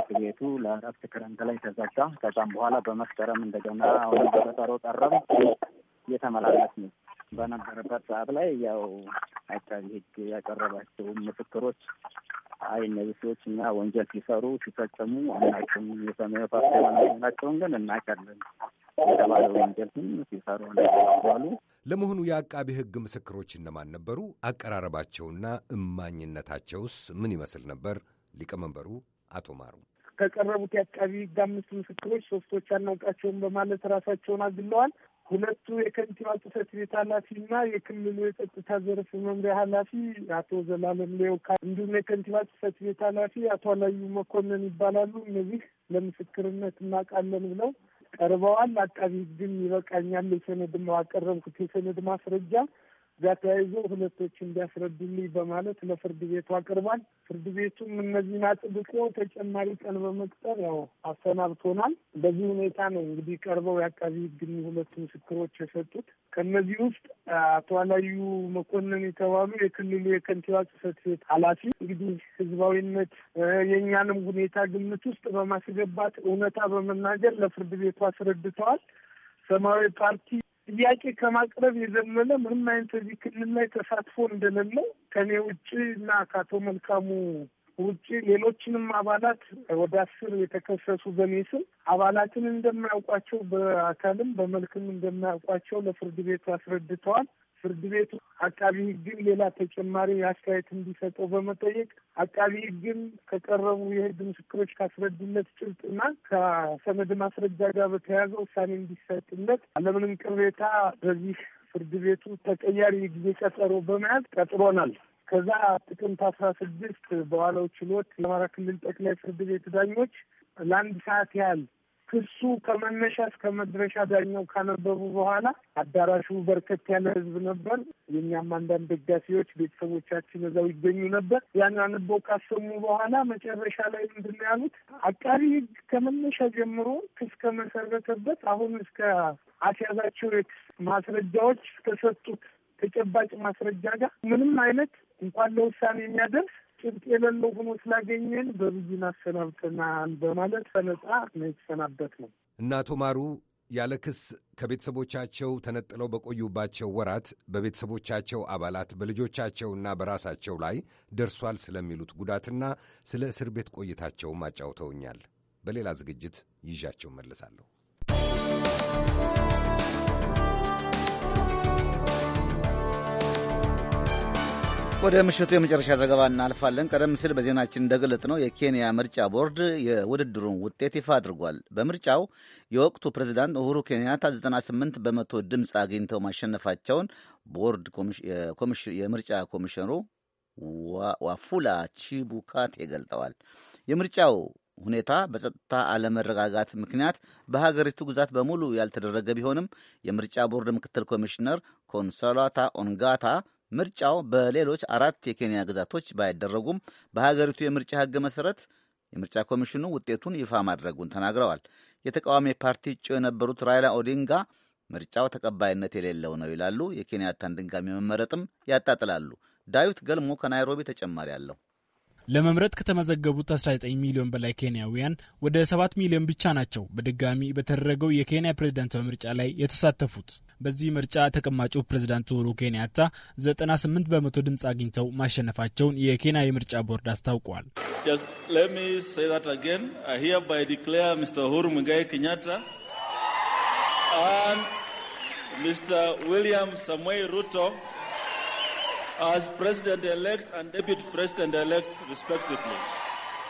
ፍርድ ቤቱ ለእረፍት ክረምት ላይ ተዘጋ። ከዛም በኋላ በመስከረም እንደገና አሁንም በቀጠሮ ቀረም እየተመላለስ ነው በነበረበት ሰዓት ላይ ያው አቃቢ ሕግ ያቀረባቸው ምስክሮች አይ እነዚህ ሰዎች እና ወንጀል ሲሰሩ ሲፈጸሙ አናውቅም፣ የሰማያዊ ፓርቲ ናቸውን ግን እናቀለን የተባለ ወንጀል ሲሰሩ ሉ ለመሆኑ የአቃቢ ህግ ምስክሮች እነማን ነበሩ? አቀራረባቸውና እማኝነታቸውስ ምን ይመስል ነበር? ሊቀመንበሩ አቶ ማሩ ከቀረቡት የአቃቢ ህግ አምስት ምስክሮች ሶስቶች አናውቃቸውም በማለት ራሳቸውን አግለዋል። ሁለቱ የከንቲባ ጽፈት ቤት ኃላፊና የክልሉ የጸጥታ ዘርፍ መምሪያ ኃላፊ አቶ ዘላለም ሌውካ እንዲሁም የከንቲባ ጽሕፈት ቤት ኃላፊ አቶ አላዩ መኮንን ይባላሉ። እነዚህ ለምስክርነት እናውቃለን ብለው ቀርበዋል። አቃቢ ሕግም ይበቃኛል የሰነድ አቀረብኩት የሰነድ ማስረጃ ጋር ተያይዞ ሁለቶች እንዲያስረዱልኝ በማለት ለፍርድ ቤቱ አቅርቧል። ፍርድ ቤቱም እነዚህን አጽድቆ ተጨማሪ ቀን በመቅጠር ያው አሰናብቶናል። በዚህ ሁኔታ ነው እንግዲህ ቀርበው የአቃቢ ሕግን ሁለቱ ምስክሮች የሰጡት። ከእነዚህ ውስጥ አቶ አላዩ መኮንን የተባሉ የክልሉ የከንቲባ ጽሕፈት ቤት ኃላፊ እንግዲህ ህዝባዊነት የእኛንም ሁኔታ ግምት ውስጥ በማስገባት እውነታ በመናገር ለፍርድ ቤቱ አስረድተዋል። ሰማያዊ ፓርቲ ጥያቄ ከማቅረብ የዘለለ ምንም አይነት እዚህ ክልል ላይ ተሳትፎ እንደሌለው ከኔ ውጭ እና ከአቶ መልካሙ ውጭ ሌሎችንም አባላት ወደ አስር የተከሰሱ በኔ ስም አባላትን እንደማያውቋቸው በአካልም በመልክም እንደማያውቋቸው ለፍርድ ቤቱ አስረድተዋል። ፍርድ ቤቱ አቃቢ ህግን ሌላ ተጨማሪ አስተያየት እንዲሰጠው በመጠየቅ አቃቢ ህግን ከቀረቡ የህግ ምስክሮች ካስረዱለት ጭብጥና ከሰነድ ማስረጃ ጋር በተያያዘ ውሳኔ እንዲሰጥለት አለምንም ቅሬታ በዚህ ፍርድ ቤቱ ተቀያሪ ጊዜ ቀጠሮ በመያዝ ቀጥሮናል። ከዛ ጥቅምት አስራ ስድስት በኋላው ችሎት የአማራ ክልል ጠቅላይ ፍርድ ቤት ዳኞች ለአንድ ሰዓት ያህል ክሱ ከመነሻ እስከ መድረሻ ዳኛው ካነበቡ በኋላ አዳራሹ በርከት ያለ ህዝብ ነበር። የእኛም አንዳንድ ደጋፊዎች ቤተሰቦቻችን እዛው ይገኙ ነበር። ያን አንበው ካሰሙ በኋላ መጨረሻ ላይ ምንድን ነው ያሉት? አቃቢ ህግ ከመነሻ ጀምሮ ክስ ከመሰረተበት አሁን እስከ አስያዛቸው የክስ ማስረጃዎች እስከሰጡት ተጨባጭ ማስረጃ ጋር ምንም አይነት እንኳን ለውሳኔ የሚያደርስ ጭብጥ የሌለው ሆኖ ስላገኘን በብይን አሰናብተናል በማለት በነጻ ነው የተሰናበት ነው እና አቶ ማሩ ያለ ክስ ከቤተሰቦቻቸው ተነጥለው በቆዩባቸው ወራት በቤተሰቦቻቸው አባላት በልጆቻቸውና በራሳቸው ላይ ደርሷል ስለሚሉት ጉዳትና ስለ እስር ቤት ቆይታቸውም አጫውተውኛል። በሌላ ዝግጅት ይዣቸው መለሳለሁ። ወደ ምሽቱ የመጨረሻ ዘገባ እናልፋለን። ቀደም ሲል በዜናችን እንደገለጥ ነው የኬንያ ምርጫ ቦርድ የውድድሩን ውጤት ይፋ አድርጓል። በምርጫው የወቅቱ ፕሬዚዳንት ኡሁሩ ኬንያታ 98 በመቶ ድምፅ አግኝተው ማሸነፋቸውን ቦርድ የምርጫ ኮሚሽነሩ ዋፉላ ቺቡካቴ ገልጠዋል። የምርጫው ሁኔታ በጸጥታ አለመረጋጋት ምክንያት በሀገሪቱ ግዛት በሙሉ ያልተደረገ ቢሆንም የምርጫ ቦርድ ምክትል ኮሚሽነር ኮንሶላታ ኦንጋታ ምርጫው በሌሎች አራት የኬንያ ግዛቶች ባይደረጉም በሀገሪቱ የምርጫ ህገ መሠረት የምርጫ ኮሚሽኑ ውጤቱን ይፋ ማድረጉን ተናግረዋል። የተቃዋሚ ፓርቲ እጩ የነበሩት ራይላ ኦዲንጋ ምርጫው ተቀባይነት የሌለው ነው ይላሉ። የኬንያታን ድንጋሚ መመረጥም ያጣጥላሉ። ዳዊት ገልሞ ከናይሮቢ ተጨማሪ አለው። ለመምረጥ ከተመዘገቡት 19 ሚሊዮን በላይ ኬንያውያን ወደ 7 ሚሊዮን ብቻ ናቸው በድጋሚ በተደረገው የኬንያ ፕሬዝዳንታዊ ምርጫ ላይ የተሳተፉት። በዚህ ምርጫ ተቀማጩ ፕሬዚዳንት ኡሁሩ ኬንያታ 98 በመቶ ድምፅ አግኝተው ማሸነፋቸውን የኬንያ የምርጫ ቦርድ አስታውቋል። ፕሬዚደንት ኤሌክት አንድ ዴፒቲ ፕሬዚደንት ኤሌክት ሪስፔክቲቭሊ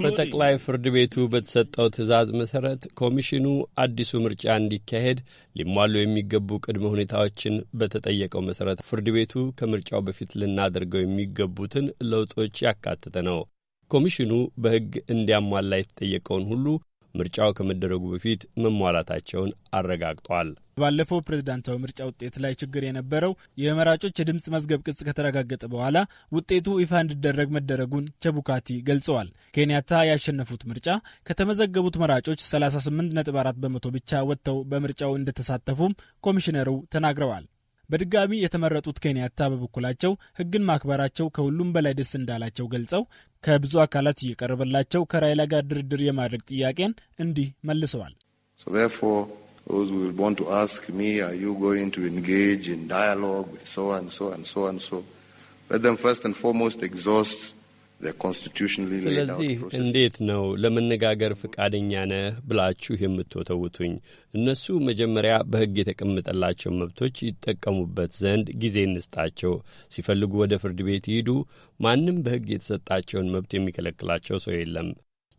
በጠቅላይ ፍርድ ቤቱ በተሰጠው ትዕዛዝ መሠረት ኮሚሽኑ አዲሱ ምርጫ እንዲካሄድ ሊሟሉ የሚገቡ ቅድመ ሁኔታዎችን በተጠየቀው መሠረት ፍርድ ቤቱ ከምርጫው በፊት ልናደርገው የሚገቡትን ለውጦች ያካተተ ነው። ኮሚሽኑ በሕግ እንዲያሟላ የተጠየቀውን ሁሉ ምርጫው ከመደረጉ በፊት መሟላታቸውን አረጋግጧል። ባለፈው ፕሬዝዳንታዊ ምርጫ ውጤት ላይ ችግር የነበረው የመራጮች የድምፅ መዝገብ ቅጽ ከተረጋገጠ በኋላ ውጤቱ ይፋ እንዲደረግ መደረጉን ቸቡካቲ ገልጸዋል። ኬንያታ ያሸነፉት ምርጫ ከተመዘገቡት መራጮች 38.4 በመቶ ብቻ ወጥተው በምርጫው እንደተሳተፉም ኮሚሽነሩ ተናግረዋል። በድጋሚ የተመረጡት ኬንያታ በበኩላቸው ሕግን ማክበራቸው ከሁሉም በላይ ደስ እንዳላቸው ገልጸው ከብዙ አካላት እየቀረበላቸው ከራይላ ጋር ድርድር የማድረግ ጥያቄን እንዲህ መልሰዋል። ዲያሎግ ስለዚህ እንዴት ነው ለመነጋገር ፈቃደኛ ነህ ብላችሁ የምትወተውቱኝ? እነሱ መጀመሪያ በሕግ የተቀመጠላቸው መብቶች ይጠቀሙበት ዘንድ ጊዜ እንስጣቸው። ሲፈልጉ ወደ ፍርድ ቤት ይሂዱ። ማንም በሕግ የተሰጣቸውን መብት የሚከለክላቸው ሰው የለም።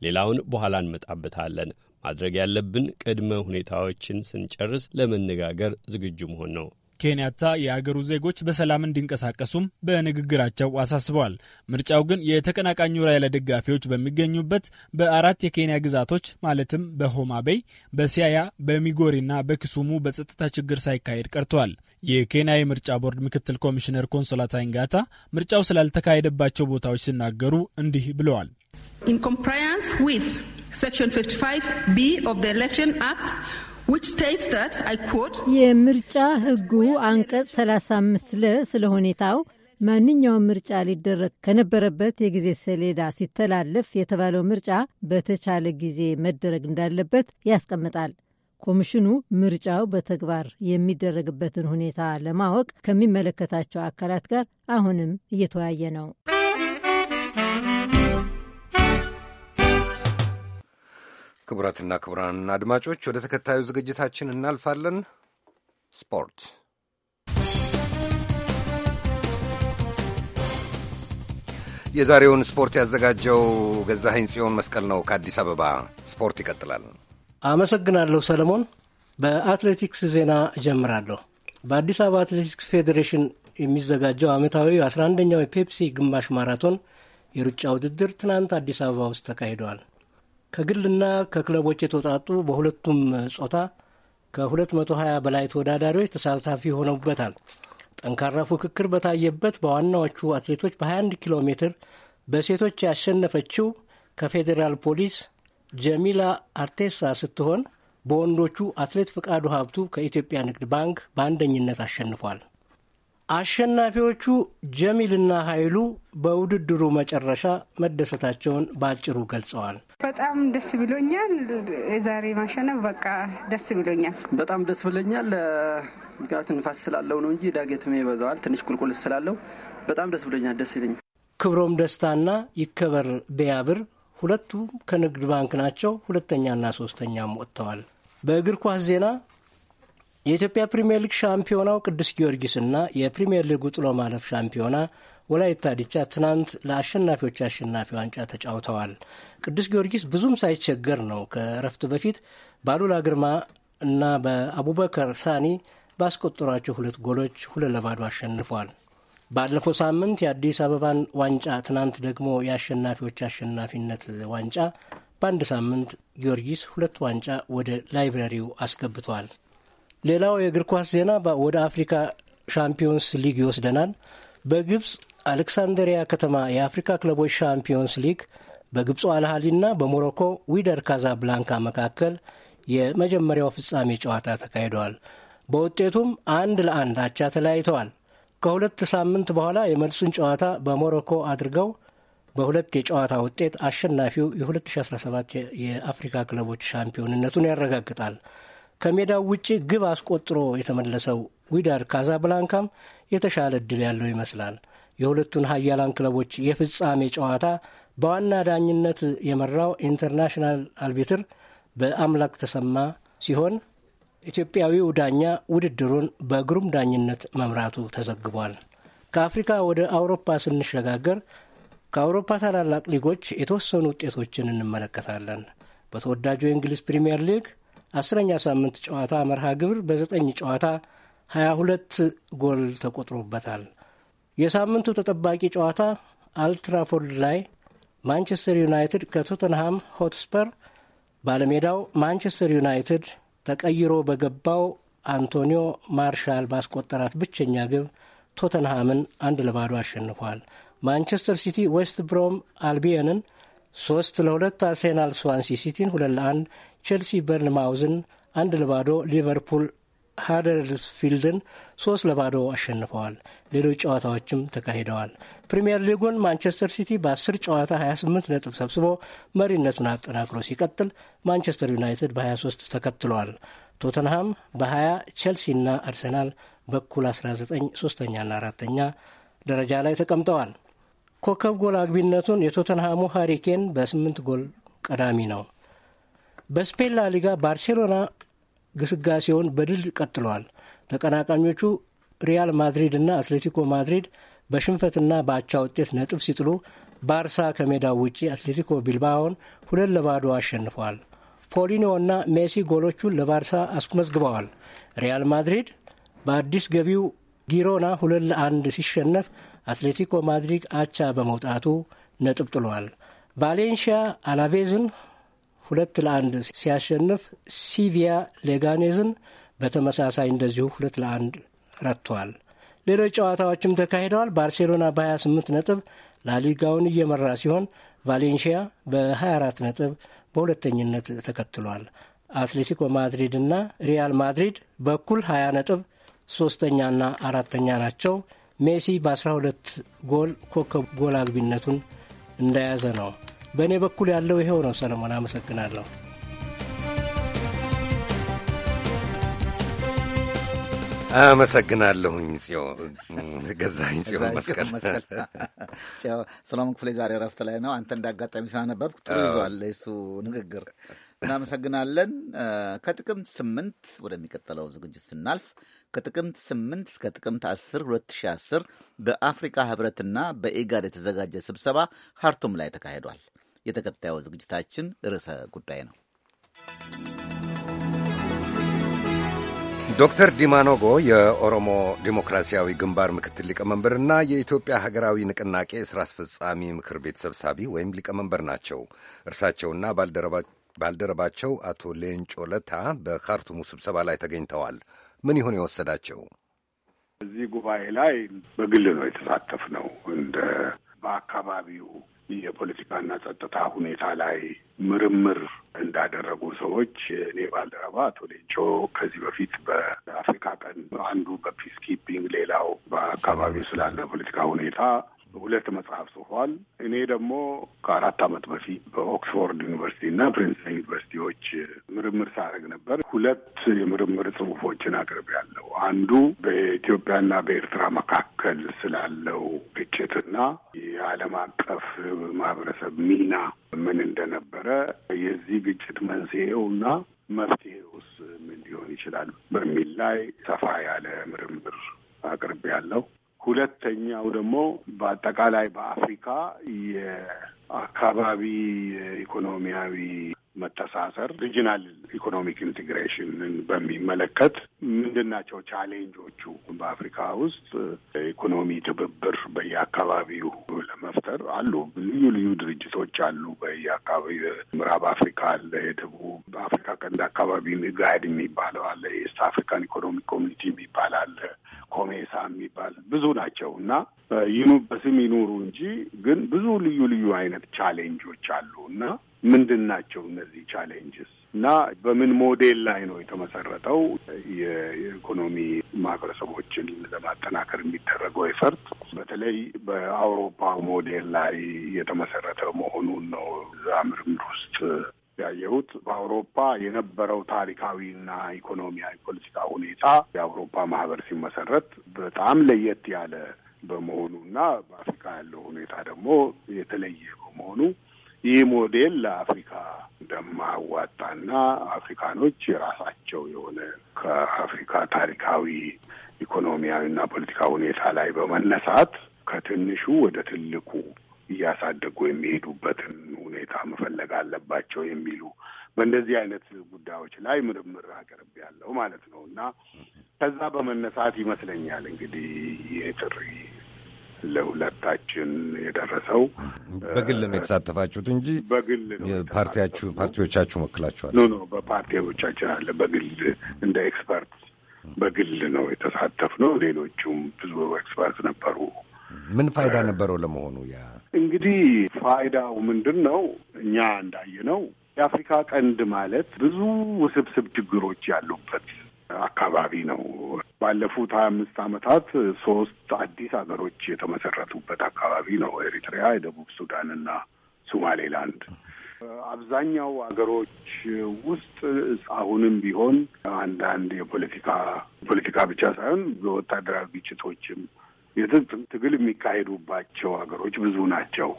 ሌላውን በኋላ እንመጣበታለን። ማድረግ ያለብን ቅድመ ሁኔታዎችን ስንጨርስ ለመነጋገር ዝግጁ መሆን ነው። ኬንያታ የአገሩ ዜጎች በሰላም እንዲንቀሳቀሱም በንግግራቸው አሳስበዋል። ምርጫው ግን የተቀናቃኙ ራይላ ደጋፊዎች በሚገኙበት በአራት የኬንያ ግዛቶች ማለትም በሆማ ቤይ፣ በሲያያ፣ በሚጎሪና በክሱሙ በጸጥታ ችግር ሳይካሄድ ቀርተዋል። የኬንያ የምርጫ ቦርድ ምክትል ኮሚሽነር ኮንሶላታ ንጋታ ምርጫው ስላልተካሄደባቸው ቦታዎች ሲናገሩ እንዲህ ብለዋል። ኢን ኮምፕላያንስ ዊዝ ሴክሽን 55 ቢ ኦፍ ዘ ኤሌክሽን አክት የምርጫ ሕጉ አንቀጽ 35 ለ ስለ ሁኔታው ማንኛውም ምርጫ ሊደረግ ከነበረበት የጊዜ ሰሌዳ ሲተላለፍ የተባለው ምርጫ በተቻለ ጊዜ መደረግ እንዳለበት ያስቀምጣል። ኮሚሽኑ ምርጫው በተግባር የሚደረግበትን ሁኔታ ለማወቅ ከሚመለከታቸው አካላት ጋር አሁንም እየተወያየ ነው። ክቡራትና ክቡራን አድማጮች ወደ ተከታዩ ዝግጅታችን እናልፋለን። ስፖርት። የዛሬውን ስፖርት ያዘጋጀው ገዛኸኝ ጽዮን መስቀል ነው ከአዲስ አበባ። ስፖርት ይቀጥላል። አመሰግናለሁ ሰለሞን። በአትሌቲክስ ዜና እጀምራለሁ። በአዲስ አበባ አትሌቲክስ ፌዴሬሽን የሚዘጋጀው ዓመታዊ 11ኛው የፔፕሲ ግማሽ ማራቶን የሩጫ ውድድር ትናንት አዲስ አበባ ውስጥ ተካሂደዋል። ከግልና ከክለቦች የተውጣጡ በሁለቱም ጾታ ከ220 በላይ ተወዳዳሪዎች ተሳታፊ ሆነውበታል። ጠንካራ ፉክክር በታየበት በዋናዎቹ አትሌቶች በ21 ኪሎ ሜትር በሴቶች ያሸነፈችው ከፌዴራል ፖሊስ ጀሚላ አርቴሳ ስትሆን በወንዶቹ አትሌት ፍቃዱ ሀብቱ ከኢትዮጵያ ንግድ ባንክ በአንደኝነት አሸንፏል። አሸናፊዎቹ ጀሚልና ኃይሉ በውድድሩ መጨረሻ መደሰታቸውን በአጭሩ ገልጸዋል። በጣም ደስ ብሎኛል። የዛሬ ማሸነፍ በቃ ደስ ብሎኛል። በጣም ደስ ብሎኛል። ምክንያቱ ንፋስ ስላለው ነው እንጂ ዳገትም ይበዛዋል ትንሽ ቁልቁል ስላለው በጣም ደስ ብሎኛል። ደስ ይለኛል። ክብሮም ደስታና ይከበር ቢያብር ሁለቱ ከንግድ ባንክ ናቸው። ሁለተኛና ሶስተኛም ወጥተዋል። በእግር ኳስ ዜና የኢትዮጵያ ፕሪምየር ሊግ ሻምፒዮናው ቅዱስ ጊዮርጊስና የፕሪምየር ሊጉ ጥሎ ማለፍ ሻምፒዮና ወላይታ ዲቻ ትናንት ለአሸናፊዎች አሸናፊ ዋንጫ ተጫውተዋል። ቅዱስ ጊዮርጊስ ብዙም ሳይቸገር ነው ከእረፍት በፊት በአሉላ ግርማ እና በአቡበከር ሳኒ ባስቆጠሯቸው ሁለት ጎሎች ሁለት ለባዶ አሸንፏል። ባለፈው ሳምንት የአዲስ አበባን ዋንጫ ትናንት ደግሞ የአሸናፊዎች አሸናፊነት ዋንጫ በአንድ ሳምንት ጊዮርጊስ ሁለት ዋንጫ ወደ ላይብረሪው አስገብቷል። ሌላው የእግር ኳስ ዜና ወደ አፍሪካ ሻምፒዮንስ ሊግ ይወስደናል። በግብፅ አሌክሳንደሪያ ከተማ የአፍሪካ ክለቦች ሻምፒዮንስ ሊግ በግብፁ አልሃሊና በሞሮኮ ዊደር ካዛብላንካ መካከል የመጀመሪያው ፍጻሜ ጨዋታ ተካሂደዋል። በውጤቱም አንድ ለአንድ አቻ ተለያይተዋል። ከሁለት ሳምንት በኋላ የመልሱን ጨዋታ በሞሮኮ አድርገው በሁለት የጨዋታ ውጤት አሸናፊው የ2017 የአፍሪካ ክለቦች ሻምፒዮንነቱን ያረጋግጣል። ከሜዳው ውጪ ግብ አስቆጥሮ የተመለሰው ዊዳድ ካዛብላንካም የተሻለ እድል ያለው ይመስላል። የሁለቱን ሀያላን ክለቦች የፍጻሜ ጨዋታ በዋና ዳኝነት የመራው ኢንተርናሽናል አልቢትር በአምላክ ተሰማ ሲሆን ኢትዮጵያዊው ዳኛ ውድድሩን በግሩም ዳኝነት መምራቱ ተዘግቧል። ከአፍሪካ ወደ አውሮፓ ስንሸጋገር ከአውሮፓ ታላላቅ ሊጎች የተወሰኑ ውጤቶችን እንመለከታለን። በተወዳጁ የእንግሊዝ ፕሪምየር ሊግ አስረኛ ሳምንት ጨዋታ መርሃ ግብር በዘጠኝ ጨዋታ 22 ጎል ተቆጥሮበታል። የሳምንቱ ተጠባቂ ጨዋታ አልትራፎርድ ላይ ማንቸስተር ዩናይትድ ከቶተንሃም ሆትስፐር ባለሜዳው ማንቸስተር ዩናይትድ ተቀይሮ በገባው አንቶኒዮ ማርሻል ባስቆጠራት ብቸኛ ግብ ቶተንሃምን አንድ ለባዶ አሸንፏል። ማንቸስተር ሲቲ ዌስት ብሮም አልቢየንን ሶስት ለሁለት፣ አርሴናል ስዋንሲ ሲቲን ሁለት ለአንድ፣ ቼልሲ በርንማውዝን አንድ ለባዶ፣ ሊቨርፑል ሃደርስፊልድን ሶስት ለባዶ አሸንፈዋል። ሌሎች ጨዋታዎችም ተካሂደዋል። ፕሪምየር ሊጉን ማንቸስተር ሲቲ በ10 ጨዋታ 28 ነጥብ ሰብስቦ መሪነቱን አጠናክሮ ሲቀጥል ማንቸስተር ዩናይትድ በ23 ተከትሏል። ቶተንሃም በ20 ቼልሲና አርሰናል በኩል 19 ሶስተኛና አራተኛ ደረጃ ላይ ተቀምጠዋል። ኮከብ ጎል አግቢነቱን የቶተንሃሙ ሃሪኬን በ8 ጎል ቀዳሚ ነው። በስፔን ላሊጋ ባርሴሎና ግስጋሴውን በድል ቀጥለዋል። ተቀናቃኞቹ ሪያል ማድሪድ እና አትሌቲኮ ማድሪድ በሽንፈትና በአቻ ውጤት ነጥብ ሲጥሉ፣ ባርሳ ከሜዳው ውጪ አትሌቲኮ ቢልባኦን ሁለት ለባዶ አሸንፈዋል። ፖሊኒዮና ሜሲ ጎሎቹን ለባርሳ አስመዝግበዋል። ሪያል ማድሪድ በአዲስ ገቢው ጊሮና ሁለት ለአንድ ሲሸነፍ አትሌቲኮ ማድሪድ አቻ በመውጣቱ ነጥብ ጥሏል። ቫሌንሺያ አላቬዝን ሁለት ለአንድ ሲያሸንፍ ሲቪያ ሌጋኔዝን በተመሳሳይ እንደዚሁ ሁለት ለአንድ ረትቷል። ሌሎች ጨዋታዎችም ተካሂደዋል። ባርሴሎና በ28 ነጥብ ላሊጋውን እየመራ ሲሆን ቫሌንሺያ በ24 ነጥብ በሁለተኝነት ተከትሏል። አትሌቲኮ ማድሪድ እና ሪያል ማድሪድ በኩል 20 ነጥብ ሶስተኛና አራተኛ ናቸው። ሜሲ በ12 ጎል ኮከብ ጎል አግቢነቱን እንደያዘ ነው። በእኔ በኩል ያለው ይኸው ነው። ሰለሞን አመሰግናለሁ። አመሰግናለሁኝ ገዛኝ ጽዮን መስቀል። ሰሎሞን ክፍሌ ዛሬ እረፍት ላይ ነው። አንተ እንዳጋጣሚ ስላነበብክ ጥሩ ይዟል የሱ ንግግር። እናመሰግናለን። ከጥቅምት ስምንት ወደሚቀጥለው ዝግጅት ስናልፍ ከጥቅምት ስምንት እስከ ጥቅምት አስር ሁለት አስር በአፍሪካ ህብረትና በኢጋድ የተዘጋጀ ስብሰባ ሀርቱም ላይ ተካሂዷል። የተከታዩ ዝግጅታችን ርዕሰ ጉዳይ ነው። ዶክተር ዲማኖጎ የኦሮሞ ዴሞክራሲያዊ ግንባር ምክትል ሊቀመንበርና የኢትዮጵያ ሀገራዊ ንቅናቄ ሥራ አስፈጻሚ ምክር ቤት ሰብሳቢ ወይም ሊቀመንበር ናቸው። እርሳቸውና ባልደረባቸው አቶ ሌንጮ ለታ በካርቱሙ ስብሰባ ላይ ተገኝተዋል። ምን ይሆን የወሰዳቸው? እዚህ ጉባኤ ላይ በግል ነው የተሳተፍ ነው እንደ በአካባቢው የፖለቲካና ጸጥታ ሁኔታ ላይ ምርምር እንዳደረጉ ሰዎች እኔ ባልደረባ አቶ ሌንጮ ከዚህ በፊት በአፍሪካ ቀን አንዱ በፒስ ኪፒንግ ሌላው በአካባቢ ስላለ ፖለቲካ ሁኔታ ሁለት መጽሐፍ ጽፏል። እኔ ደግሞ ከአራት ዓመት በፊት በኦክስፎርድ ዩኒቨርሲቲ እና ፕሪንስተን ዩኒቨርሲቲዎች ምርምር ሳደርግ ነበር። ሁለት የምርምር ጽሁፎችን አቅርቤያለሁ። አንዱ በኢትዮጵያና በኤርትራ መካከል ስላለው ግጭትና የዓለም አቀፍ ማህበረሰብ ሚና ምን እንደነበረ የዚህ ግጭት መንስኤውና መፍትሄውስ ምን ሊሆን ይችላል በሚል ላይ ሰፋ ያለ ምርምር አቅርቤያለሁ። ሁለተኛው ደግሞ በአጠቃላይ በአፍሪካ የአካባቢ ኢኮኖሚያዊ። መተሳሰር፣ ሪጂናል ኢኮኖሚክ ኢንቴግሬሽንን በሚመለከት ምንድን ናቸው ቻሌንጆቹ በአፍሪካ ውስጥ ኢኮኖሚ ትብብር በየአካባቢው ለመፍጠር አሉ። ልዩ ልዩ ድርጅቶች አሉ በየአካባቢ ምዕራብ አፍሪካ አለ፣ የደቡብ በአፍሪካ ቀንድ አካባቢ ጋይድ የሚባለው አለ፣ የኢስት አፍሪካን ኢኮኖሚክ ኮሚኒቲ የሚባል አለ፣ ኮሜሳ የሚባል ብዙ ናቸው እና ይኑ በስም ይኑሩ እንጂ ግን ብዙ ልዩ ልዩ አይነት ቻሌንጆች አሉ እና ምንድን ናቸው እነዚህ ቻሌንጅስ እና በምን ሞዴል ላይ ነው የተመሰረተው? የኢኮኖሚ ማህበረሰቦችን ለማጠናከር የሚደረገው ኤፈርት በተለይ በአውሮፓ ሞዴል ላይ የተመሰረተ መሆኑን ነው እዛ ምርምር ውስጥ ያየሁት። በአውሮፓ የነበረው ታሪካዊና ኢኮኖሚያዊ ፖለቲካ ሁኔታ የአውሮፓ ማህበር ሲመሰረት በጣም ለየት ያለ በመሆኑ እና በአፍሪካ ያለው ሁኔታ ደግሞ የተለየ በመሆኑ ይህ ሞዴል ለአፍሪካ እንደማዋጣና አፍሪካኖች የራሳቸው የሆነ ከአፍሪካ ታሪካዊ ኢኮኖሚያዊና ፖለቲካ ሁኔታ ላይ በመነሳት ከትንሹ ወደ ትልቁ እያሳደጉ የሚሄዱበትን ሁኔታ መፈለግ አለባቸው የሚሉ በእንደዚህ አይነት ጉዳዮች ላይ ምርምር አቅርብ ያለው ማለት ነው እና ከዛ በመነሳት ይመስለኛል እንግዲህ ይህ ጥሪ ለሁለታችን የደረሰው በግል ነው የተሳተፋችሁት እንጂ በግል ፓርቲያችሁ ፓርቲዎቻችሁ ወክላችኋል? ኖ ኖ በፓርቲዎቻችን አለ በግል እንደ ኤክስፐርት በግል ነው ነው። ሌሎቹም ብዙ ኤክስፐርት ነበሩ። ምን ፋይዳ ነበረው ለመሆኑ? ያ እንግዲህ ፋይዳው ምንድን ነው? እኛ ነው የአፍሪካ ቀንድ ማለት ብዙ ውስብስብ ችግሮች ያሉበት አካባቢ ነው። ባለፉት ሀያ አምስት ዓመታት ሶስት አዲስ ሀገሮች የተመሰረቱበት አካባቢ ነው። ኤሪትሪያ፣ የደቡብ ሱዳን እና ሶማሌላንድ። አብዛኛው ሀገሮች ውስጥ አሁንም ቢሆን አንዳንድ የፖለቲካ ፖለቲካ ብቻ ሳይሆን በወታደራዊ ግጭቶችም ትግል የሚካሄዱባቸው ሀገሮች ብዙ ናቸው።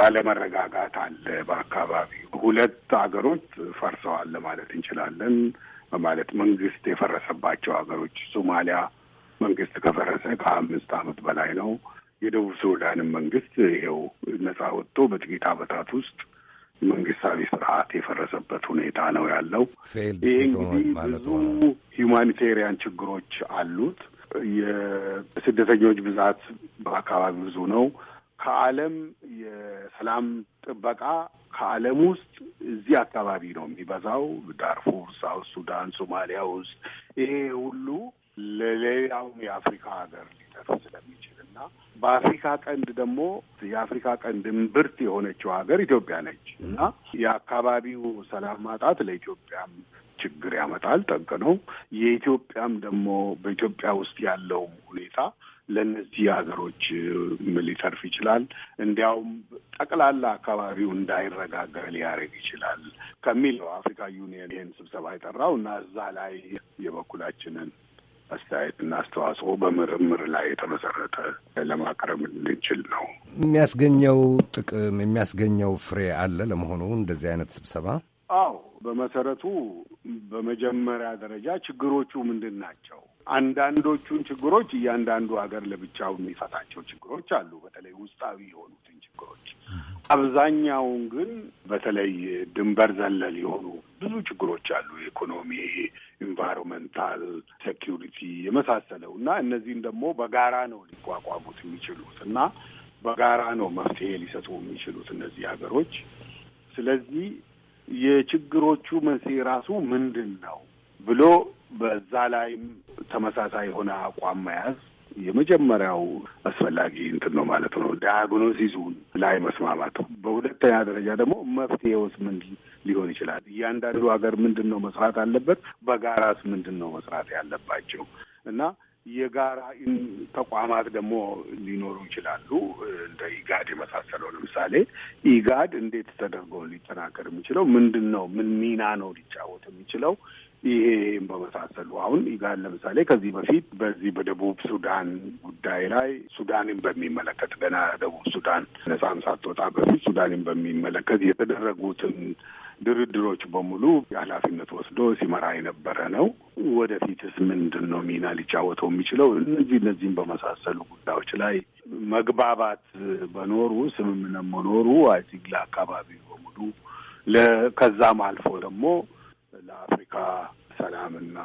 ያለመረጋጋት አለ በአካባቢው። ሁለት ሀገሮች ፈርሰዋል ለማለት እንችላለን። በማለት መንግስት የፈረሰባቸው ሀገሮች ሶማሊያ መንግስት ከፈረሰ ከአምስት አመት በላይ ነው። የደቡብ ሱዳንም መንግስት ይኸው ነጻ ወጥቶ በጥቂት አመታት ውስጥ መንግስታዊ ስርዓት የፈረሰበት ሁኔታ ነው ያለው። ይህ እንግዲህ ብዙ ሂውማኒቴሪያን ችግሮች አሉት። የስደተኞች ብዛት በአካባቢ ብዙ ነው። ከዓለም የሰላም ጥበቃ ከዓለም ውስጥ እዚህ አካባቢ ነው የሚበዛው። ዳርፉር፣ ሳውት ሱዳን፣ ሶማሊያ ውስጥ ይሄ ሁሉ ለሌላውም የአፍሪካ ሀገር ሊጠፍ ስለሚችል እና በአፍሪካ ቀንድ ደግሞ የአፍሪካ ቀንድ እምብርት የሆነችው ሀገር ኢትዮጵያ ነች እና የአካባቢው ሰላም ማጣት ለኢትዮጵያም ችግር ያመጣል። ጠንቅ ነው። የኢትዮጵያም ደግሞ በኢትዮጵያ ውስጥ ያለው ሁኔታ ለእነዚህ ሀገሮች ሊተርፍ ይችላል። እንዲያውም ጠቅላላ አካባቢው እንዳይረጋጋ ሊያደርግ ይችላል ከሚለው አፍሪካ ዩኒየን ይህን ስብሰባ የጠራው እና እዛ ላይ የበኩላችንን አስተያየትና አስተዋጽኦ በምርምር ላይ የተመሰረተ ለማቅረብ እንድንችል ነው። የሚያስገኘው ጥቅም የሚያስገኘው ፍሬ አለ ለመሆኑ እንደዚህ አይነት ስብሰባ? አዎ፣ በመሰረቱ በመጀመሪያ ደረጃ ችግሮቹ ምንድን ናቸው አንዳንዶቹን ችግሮች እያንዳንዱ ሀገር ለብቻው የሚፈታቸው ችግሮች አሉ፣ በተለይ ውስጣዊ የሆኑትን ችግሮች። አብዛኛውን ግን በተለይ ድንበር ዘለል የሆኑ ብዙ ችግሮች አሉ፣ የኢኮኖሚ፣ ኢንቫይሮንመንታል፣ ሴኪሪቲ የመሳሰለው እና እነዚህን ደግሞ በጋራ ነው ሊቋቋሙት የሚችሉት እና በጋራ ነው መፍትሄ ሊሰጡ የሚችሉት እነዚህ ሀገሮች። ስለዚህ የችግሮቹ መንስኤ ራሱ ምንድን ነው ብሎ በዛ ላይም ተመሳሳይ የሆነ አቋም መያዝ የመጀመሪያው አስፈላጊ እንትን ነው ማለት ነው። ዳያግኖሲሱን ላይ መስማማት። በሁለተኛ ደረጃ ደግሞ መፍትሄውስ ምን ሊሆን ይችላል? እያንዳንዱ ሀገር ምንድን ነው መስራት አለበት? በጋራስ ምንድን ነው መስራት ያለባቸው? እና የጋራ ተቋማት ደግሞ ሊኖሩ ይችላሉ፣ እንደ ኢጋድ የመሳሰለው ለምሳሌ ኢጋድ እንዴት ተደርጎ ሊጠናከር የሚችለው ምንድን ነው? ምን ሚና ነው ሊጫወት የሚችለው ይሄ በመሳሰሉ አሁን ኢጋድ ለምሳሌ ከዚህ በፊት በዚህ በደቡብ ሱዳን ጉዳይ ላይ ሱዳንን በሚመለከት ገና ደቡብ ሱዳን ነጻን ሳትወጣ በፊት ሱዳንን በሚመለከት የተደረጉትን ድርድሮች በሙሉ ኃላፊነት ወስዶ ሲመራ የነበረ ነው። ወደፊትስ ምንድን ነው ሚና ሊጫወተው የሚችለው? እነዚህ እነዚህም በመሳሰሉ ጉዳዮች ላይ መግባባት በኖሩ ስምምነት መኖሩ አይ ለአካባቢ በሙሉ ከዛም አልፎ ደግሞ ለአፍሪካ ሰላምና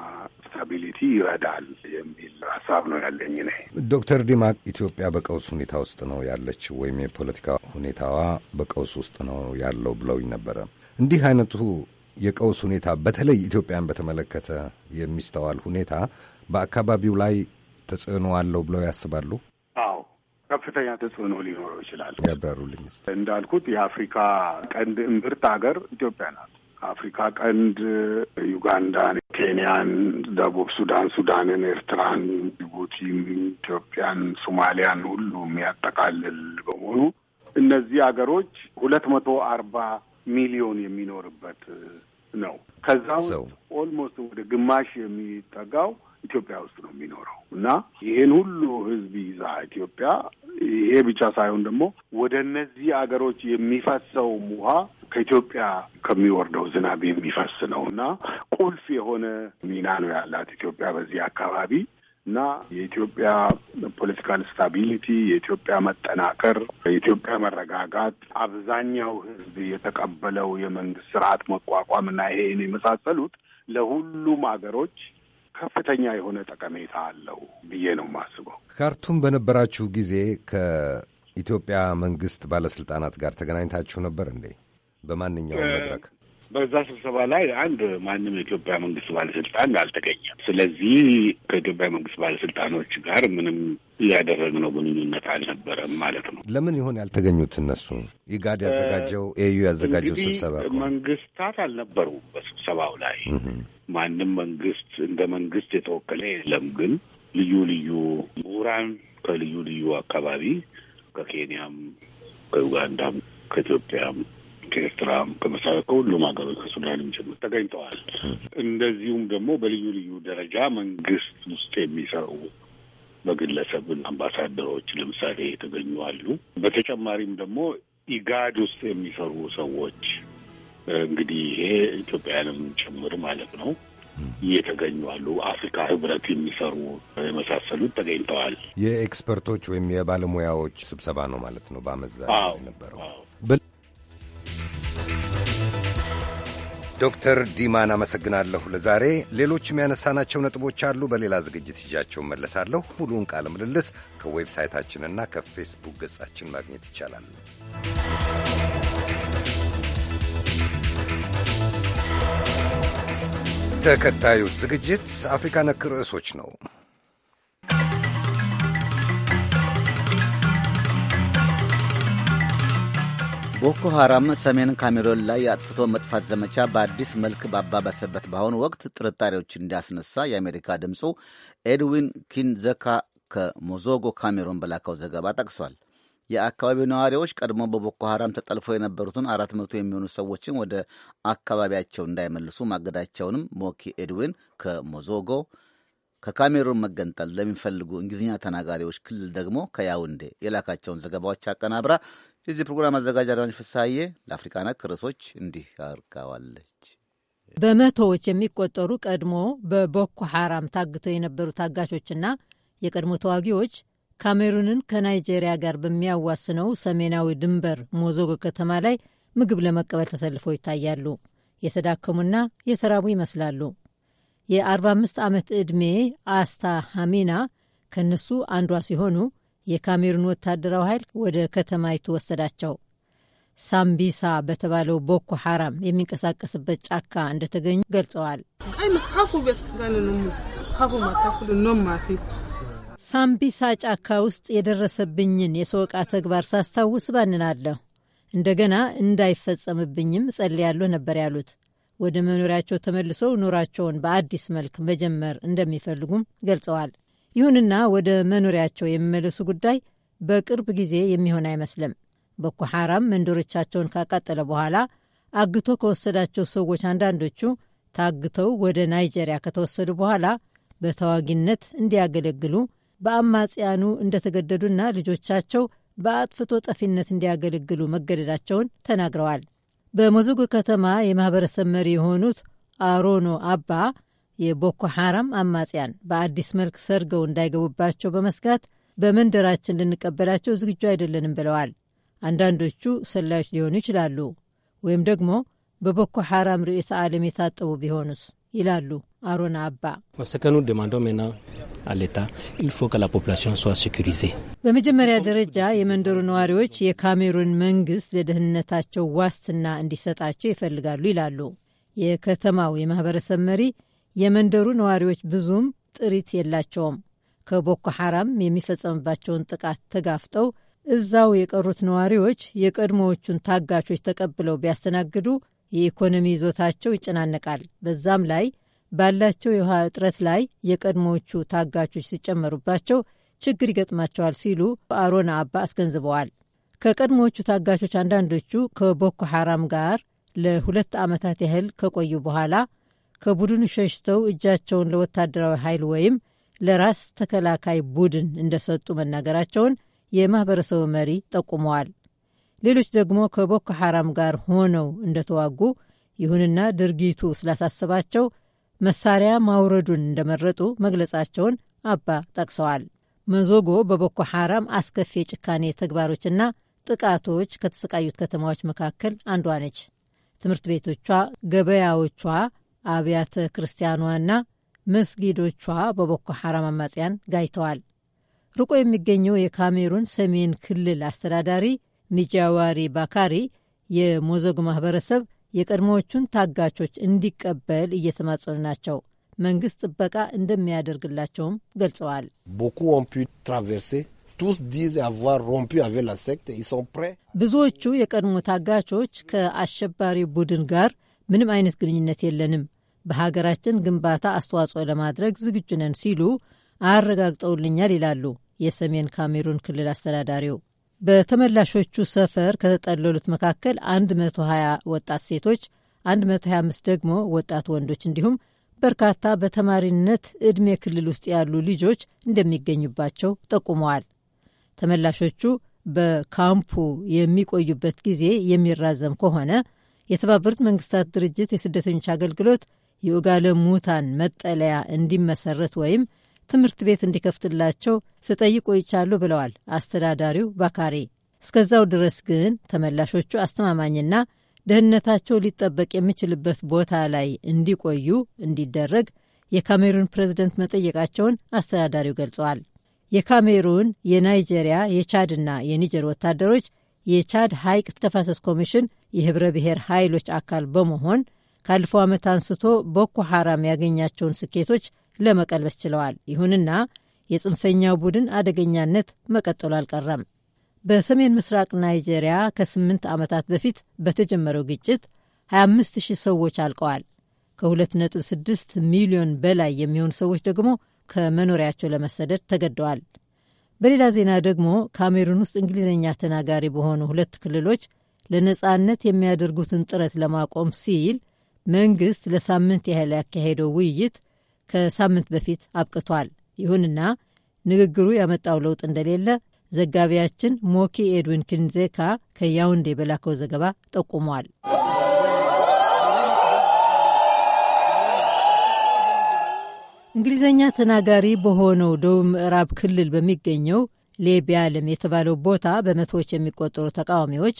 ስታቢሊቲ ይረዳል የሚል ሀሳብ ነው ያለኝ። እኔ ዶክተር ዲማ ኢትዮጵያ በቀውስ ሁኔታ ውስጥ ነው ያለችው ወይም የፖለቲካ ሁኔታዋ በቀውስ ውስጥ ነው ያለው ብለውኝ ነበረ። እንዲህ አይነቱ የቀውስ ሁኔታ በተለይ ኢትዮጵያን በተመለከተ የሚስተዋል ሁኔታ በአካባቢው ላይ ተጽዕኖ አለው ብለው ያስባሉ? አዎ ከፍተኛ ተጽዕኖ ሊኖረው ይችላል። ያብራሩልኝ። እንዳልኩት የአፍሪካ ቀንድ እምብርት ሀገር ኢትዮጵያ ናት። አፍሪካ ቀንድ ዩጋንዳን፣ ኬንያን፣ ደቡብ ሱዳን፣ ሱዳንን፣ ኤርትራን፣ ጅቡቲን፣ ኢትዮጵያን፣ ሶማሊያን ሁሉ የሚያጠቃልል በመሆኑ እነዚህ ሀገሮች ሁለት መቶ አርባ ሚሊዮን የሚኖርበት ነው። ከዛ ውስጥ ኦልሞስት ወደ ግማሽ የሚጠጋው ኢትዮጵያ ውስጥ ነው የሚኖረው እና ይህን ሁሉ ህዝብ ይዛ ኢትዮጵያ ይሄ ብቻ ሳይሆን ደግሞ ወደ እነዚህ አገሮች የሚፈሰውም ውሃ ከኢትዮጵያ ከሚወርደው ዝናብ የሚፈስ ነው እና ቁልፍ የሆነ ሚና ነው ያላት ኢትዮጵያ በዚህ አካባቢ እና የኢትዮጵያ ፖለቲካል ስታቢሊቲ፣ የኢትዮጵያ መጠናከር፣ የኢትዮጵያ መረጋጋት፣ አብዛኛው ህዝብ የተቀበለው የመንግስት ስርዓት መቋቋም እና ይሄን የመሳሰሉት ለሁሉም አገሮች ከፍተኛ የሆነ ጠቀሜታ አለው ብዬ ነው የማስበው። ካርቱም በነበራችሁ ጊዜ ከኢትዮጵያ መንግስት ባለስልጣናት ጋር ተገናኝታችሁ ነበር እንዴ? በማንኛውም መድረክ በዛ ስብሰባ ላይ አንድ ማንም የኢትዮጵያ መንግስት ባለስልጣን አልተገኘም። ስለዚህ ከኢትዮጵያ መንግስት ባለስልጣኖች ጋር ምንም እያደረግነው ግንኙነት አልነበረም ማለት ነው። ለምን ይሆን ያልተገኙት? እነሱ ኢጋድ ያዘጋጀው ኤዩ ያዘጋጀው ስብሰባ መንግስታት አልነበሩም በስብሰባው ላይ ማንም መንግስት እንደ መንግስት የተወከለ የለም። ግን ልዩ ልዩ ምሁራን ከልዩ ልዩ አካባቢ ከኬንያም፣ ከዩጋንዳም፣ ከኢትዮጵያም፣ ከኤርትራም ከመሳ ከሁሉም ሀገሮች ከሱዳንም ጭምር ተገኝተዋል። እንደዚሁም ደግሞ በልዩ ልዩ ደረጃ መንግስት ውስጥ የሚሰሩ በግለሰብን አምባሳደሮች ለምሳሌ የተገኙ አሉ። በተጨማሪም ደግሞ ኢጋድ ውስጥ የሚሰሩ ሰዎች እንግዲህ ይሄ ኢትዮጵያውያንም ጭምር ማለት ነው እየተገኙ አሉ። አፍሪካ ህብረት የሚሰሩ የመሳሰሉት ተገኝተዋል። የኤክስፐርቶች ወይም የባለሙያዎች ስብሰባ ነው ማለት ነው። በአመዛ የነበረው። ዶክተር ዲማን አመሰግናለሁ። ለዛሬ ሌሎች የሚያነሳናቸው ነጥቦች አሉ። በሌላ ዝግጅት ይዣቸው መለሳለሁ። ሙሉውን ቃለ ምልልስ ከዌብሳይታችንና ከፌስቡክ ገጻችን ማግኘት ይቻላል። ተከታዩ ዝግጅት አፍሪካ ነክ ርዕሶች ነው። ቦኮ ሐራም ሰሜን ካሜሮን ላይ የአጥፍቶ መጥፋት ዘመቻ በአዲስ መልክ ባባባሰበት በአሁኑ ወቅት ጥርጣሬዎች እንዲያስነሳ የአሜሪካ ድምፁ ኤድዊን ኪንዘካ ከሞዞጎ ካሜሮን በላከው ዘገባ ጠቅሷል። የአካባቢው ነዋሪዎች ቀድሞ በቦኮ ሀራም ተጠልፎ የነበሩትን አራት መቶ የሚሆኑ ሰዎችን ወደ አካባቢያቸው እንዳይመልሱ ማገዳቸውንም ሞኪ ኤድዊን ከሞዞጎ ከካሜሩን መገንጠል ለሚፈልጉ እንግሊዝኛ ተናጋሪዎች ክልል ደግሞ ከያውንዴ የላካቸውን ዘገባዎች አቀናብራ የዚህ ፕሮግራም አዘጋጅ አዳነች ፍሳዬ ለአፍሪካ ነክ ርዕሶች እንዲህ አርጋዋለች። በመቶዎች የሚቆጠሩ ቀድሞ በቦኮ ሐራም ታግተው የነበሩ ታጋቾችና የቀድሞ ተዋጊዎች ካሜሩንን ከናይጄሪያ ጋር በሚያዋስነው ሰሜናዊ ድንበር ሞዞጎ ከተማ ላይ ምግብ ለመቀበል ተሰልፈው ይታያሉ። የተዳከሙና የተራቡ ይመስላሉ። የ45 ዓመት ዕድሜ አስታ ሃሚና ከእነሱ አንዷ ሲሆኑ የካሜሩን ወታደራዊ ኃይል ወደ ከተማይቱ ወሰዳቸው። ሳምቢሳ በተባለው ቦኮ ሐራም የሚንቀሳቀስበት ጫካ እንደተገኙ ገልጸዋል። ሳምቢሳ ጫካ ውስጥ የደረሰብኝን የሰወቃ ተግባር ሳስታውስ ባንናለሁ። እንደገና እንዳይፈጸምብኝም እጸልያለሁ ነበር ያሉት። ወደ መኖሪያቸው ተመልሰው ኑሯቸውን በአዲስ መልክ መጀመር እንደሚፈልጉም ገልጸዋል። ይሁንና ወደ መኖሪያቸው የሚመለሱ ጉዳይ በቅርብ ጊዜ የሚሆን አይመስልም። ቦኮ ሐራም መንደሮቻቸውን ካቃጠለ በኋላ አግቶ ከወሰዳቸው ሰዎች አንዳንዶቹ ታግተው ወደ ናይጄሪያ ከተወሰዱ በኋላ በተዋጊነት እንዲያገለግሉ በአማጽያኑ እንደተገደዱና ልጆቻቸው በአጥፍቶ ጠፊነት እንዲያገለግሉ መገደዳቸውን ተናግረዋል። በሞዞጎ ከተማ የማህበረሰብ መሪ የሆኑት አሮኖ አባ የቦኮ ሐራም አማጽያን በአዲስ መልክ ሰርገው እንዳይገቡባቸው በመስጋት በመንደራችን ልንቀበላቸው ዝግጁ አይደለንም ብለዋል። አንዳንዶቹ ሰላዮች ሊሆኑ ይችላሉ፣ ወይም ደግሞ በቦኮ ሐራም ርዕዮተ ዓለም የታጠቡ ቢሆኑስ? ይላሉ አሮና አባ። በመጀመሪያ ደረጃ የመንደሩ ነዋሪዎች የካሜሩን መንግስት ለደህንነታቸው ዋስትና እንዲሰጣቸው ይፈልጋሉ ይላሉ የከተማው የማህበረሰብ መሪ። የመንደሩ ነዋሪዎች ብዙም ጥሪት የላቸውም። ከቦኮ ሐራም የሚፈጸምባቸውን ጥቃት ተጋፍጠው እዛው የቀሩት ነዋሪዎች የቀድሞዎቹን ታጋቾች ተቀብለው ቢያስተናግዱ የኢኮኖሚ ይዞታቸው ይጨናነቃል። በዛም ላይ ባላቸው የውሃ እጥረት ላይ የቀድሞዎቹ ታጋቾች ሲጨመሩባቸው ችግር ይገጥማቸዋል ሲሉ አሮና አባ አስገንዝበዋል። ከቀድሞዎቹ ታጋቾች አንዳንዶቹ ከቦኮ ሐራም ጋር ለሁለት ዓመታት ያህል ከቆዩ በኋላ ከቡድኑ ሸሽተው እጃቸውን ለወታደራዊ ኃይል ወይም ለራስ ተከላካይ ቡድን እንደሰጡ መናገራቸውን የማኅበረሰቡ መሪ ጠቁመዋል። ሌሎች ደግሞ ከቦኮ ሐራም ጋር ሆነው እንደተዋጉ ይሁንና ድርጊቱ ስላሳሰባቸው መሳሪያ ማውረዱን እንደመረጡ መግለጻቸውን አባ ጠቅሰዋል። መዞጎ በቦኮ ሐራም አስከፊ የጭካኔ ተግባሮችና ጥቃቶች ከተሰቃዩት ከተማዎች መካከል አንዷ ነች። ትምህርት ቤቶቿ፣ ገበያዎቿ፣ አብያተ ክርስቲያኗና መስጊዶቿ በቦኮ ሐራም አማጽያን ጋይተዋል። ርቆ የሚገኘው የካሜሩን ሰሜን ክልል አስተዳዳሪ ሚጃዋሪ ባካሪ የሞዞግ ማህበረሰብ የቀድሞዎቹን ታጋቾች እንዲቀበል እየተማጸኑ ናቸው። መንግስት ጥበቃ እንደሚያደርግላቸውም ገልጸዋል። ብዙዎቹ የቀድሞ ታጋቾች ከአሸባሪ ቡድን ጋር ምንም አይነት ግንኙነት የለንም፣ በሀገራችን ግንባታ አስተዋጽኦ ለማድረግ ዝግጁ ነን ሲሉ አረጋግጠውልኛል ይላሉ የሰሜን ካሜሩን ክልል አስተዳዳሪው። በተመላሾቹ ሰፈር ከተጠለሉት መካከል 120 ወጣት ሴቶች፣ 125 ደግሞ ወጣት ወንዶች እንዲሁም በርካታ በተማሪነት ዕድሜ ክልል ውስጥ ያሉ ልጆች እንደሚገኙባቸው ጠቁመዋል። ተመላሾቹ በካምፑ የሚቆዩበት ጊዜ የሚራዘም ከሆነ የተባበሩት መንግስታት ድርጅት የስደተኞች አገልግሎት የኡጋለ ሙታን መጠለያ እንዲመሰረት ወይም ትምህርት ቤት እንዲከፍትላቸው ስጠይቅ ቆይቻለሁ ብለዋል አስተዳዳሪው ባካሪ። እስከዛው ድረስ ግን ተመላሾቹ አስተማማኝና ደህንነታቸው ሊጠበቅ የሚችልበት ቦታ ላይ እንዲቆዩ እንዲደረግ የካሜሩን ፕሬዝደንት መጠየቃቸውን አስተዳዳሪው ገልጸዋል። የካሜሩን፣ የናይጄሪያ፣ የቻድና የኒጀር ወታደሮች የቻድ ሐይቅ ተፋሰስ ኮሚሽን የህብረ ብሔር ኃይሎች አካል በመሆን ካለፈው ዓመት አንስቶ ቦኮ ሐራም ያገኛቸውን ስኬቶች ለመቀልበስ ችለዋል። ይሁንና የጽንፈኛው ቡድን አደገኛነት መቀጠሉ አልቀረም። በሰሜን ምስራቅ ናይጄሪያ ከስምንት ዓመታት በፊት በተጀመረው ግጭት 25000 ሰዎች አልቀዋል። ከ2.6 ሚሊዮን በላይ የሚሆኑ ሰዎች ደግሞ ከመኖሪያቸው ለመሰደድ ተገደዋል። በሌላ ዜና ደግሞ ካሜሩን ውስጥ እንግሊዝኛ ተናጋሪ በሆኑ ሁለት ክልሎች ለነጻነት የሚያደርጉትን ጥረት ለማቆም ሲል መንግሥት ለሳምንት ያህል ያካሄደው ውይይት ከሳምንት በፊት አብቅቷል። ይሁንና ንግግሩ ያመጣው ለውጥ እንደሌለ ዘጋቢያችን ሞኪ ኤድዊን ኪንዜካ ከያውንዴ በላከው ዘገባ ጠቁሟል። እንግሊዝኛ ተናጋሪ በሆነው ደቡብ ምዕራብ ክልል በሚገኘው ሌቢያለም የተባለው ቦታ በመቶዎች የሚቆጠሩ ተቃዋሚዎች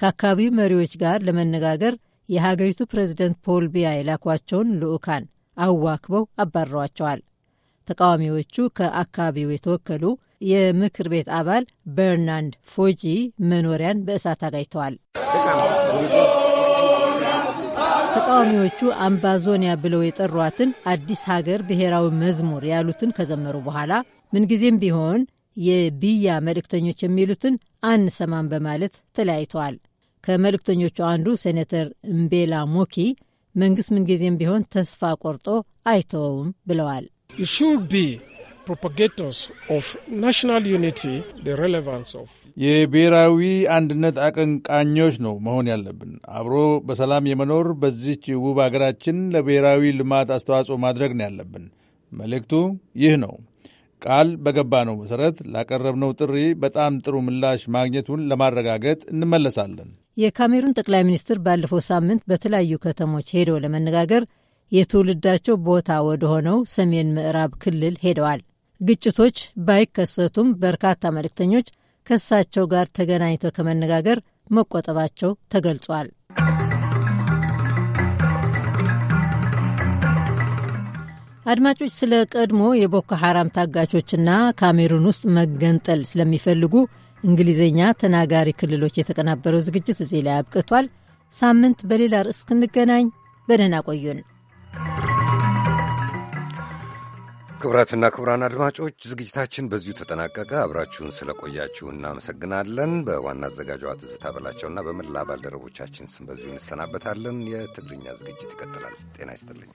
ከአካባቢው መሪዎች ጋር ለመነጋገር የሀገሪቱ ፕሬዚደንት ፖል ቢያ የላኳቸውን ልዑካን አዋክበው አባረዋቸዋል። ተቃዋሚዎቹ ከአካባቢው የተወከሉ የምክር ቤት አባል በርናንድ ፎጂ መኖሪያን በእሳት አጋይተዋል። ተቃዋሚዎቹ አምባዞኒያ ብለው የጠሯትን አዲስ ሀገር ብሔራዊ መዝሙር ያሉትን ከዘመሩ በኋላ ምንጊዜም ቢሆን የብያ መልእክተኞች የሚሉትን አንሰማም በማለት ተለያይተዋል። ከመልእክተኞቹ አንዱ ሴኔተር እምቤላ ሞኪ መንግስት ምንጊዜም ቢሆን ተስፋ ቆርጦ አይተወውም ብለዋል። የብሔራዊ አንድነት አቀንቃኞች ነው መሆን ያለብን። አብሮ በሰላም የመኖር በዚች ውብ አገራችን ለብሔራዊ ልማት አስተዋጽኦ ማድረግ ነው ያለብን። መልእክቱ ይህ ነው። ቃል በገባነው መሠረት ላቀረብነው ጥሪ በጣም ጥሩ ምላሽ ማግኘቱን ለማረጋገጥ እንመለሳለን። የካሜሩን ጠቅላይ ሚኒስትር ባለፈው ሳምንት በተለያዩ ከተሞች ሄደው ለመነጋገር የትውልዳቸው ቦታ ወደ ሆነው ሰሜን ምዕራብ ክልል ሄደዋል። ግጭቶች ባይከሰቱም በርካታ መልእክተኞች ከእሳቸው ጋር ተገናኝተው ከመነጋገር መቆጠባቸው ተገልጿል። አድማጮች፣ ስለ ቀድሞ የቦኮ ሐራም ታጋቾችና ካሜሩን ውስጥ መገንጠል ስለሚፈልጉ እንግሊዝኛ ተናጋሪ ክልሎች የተቀናበረው ዝግጅት እዚህ ላይ አብቅቷል። ሳምንት በሌላ ርዕስ እስክንገናኝ በደህና ቆዩን። ክቡራትና ክቡራን አድማጮች ዝግጅታችን በዚሁ ተጠናቀቀ። አብራችሁን ስለቆያችሁ እናመሰግናለን። በዋና አዘጋጇ ትዝታ በላቸውና በመላ ባልደረቦቻችን ስም በዚሁ እንሰናበታለን። የትግርኛ ዝግጅት ይቀጥላል። ጤና ይስጥልኝ።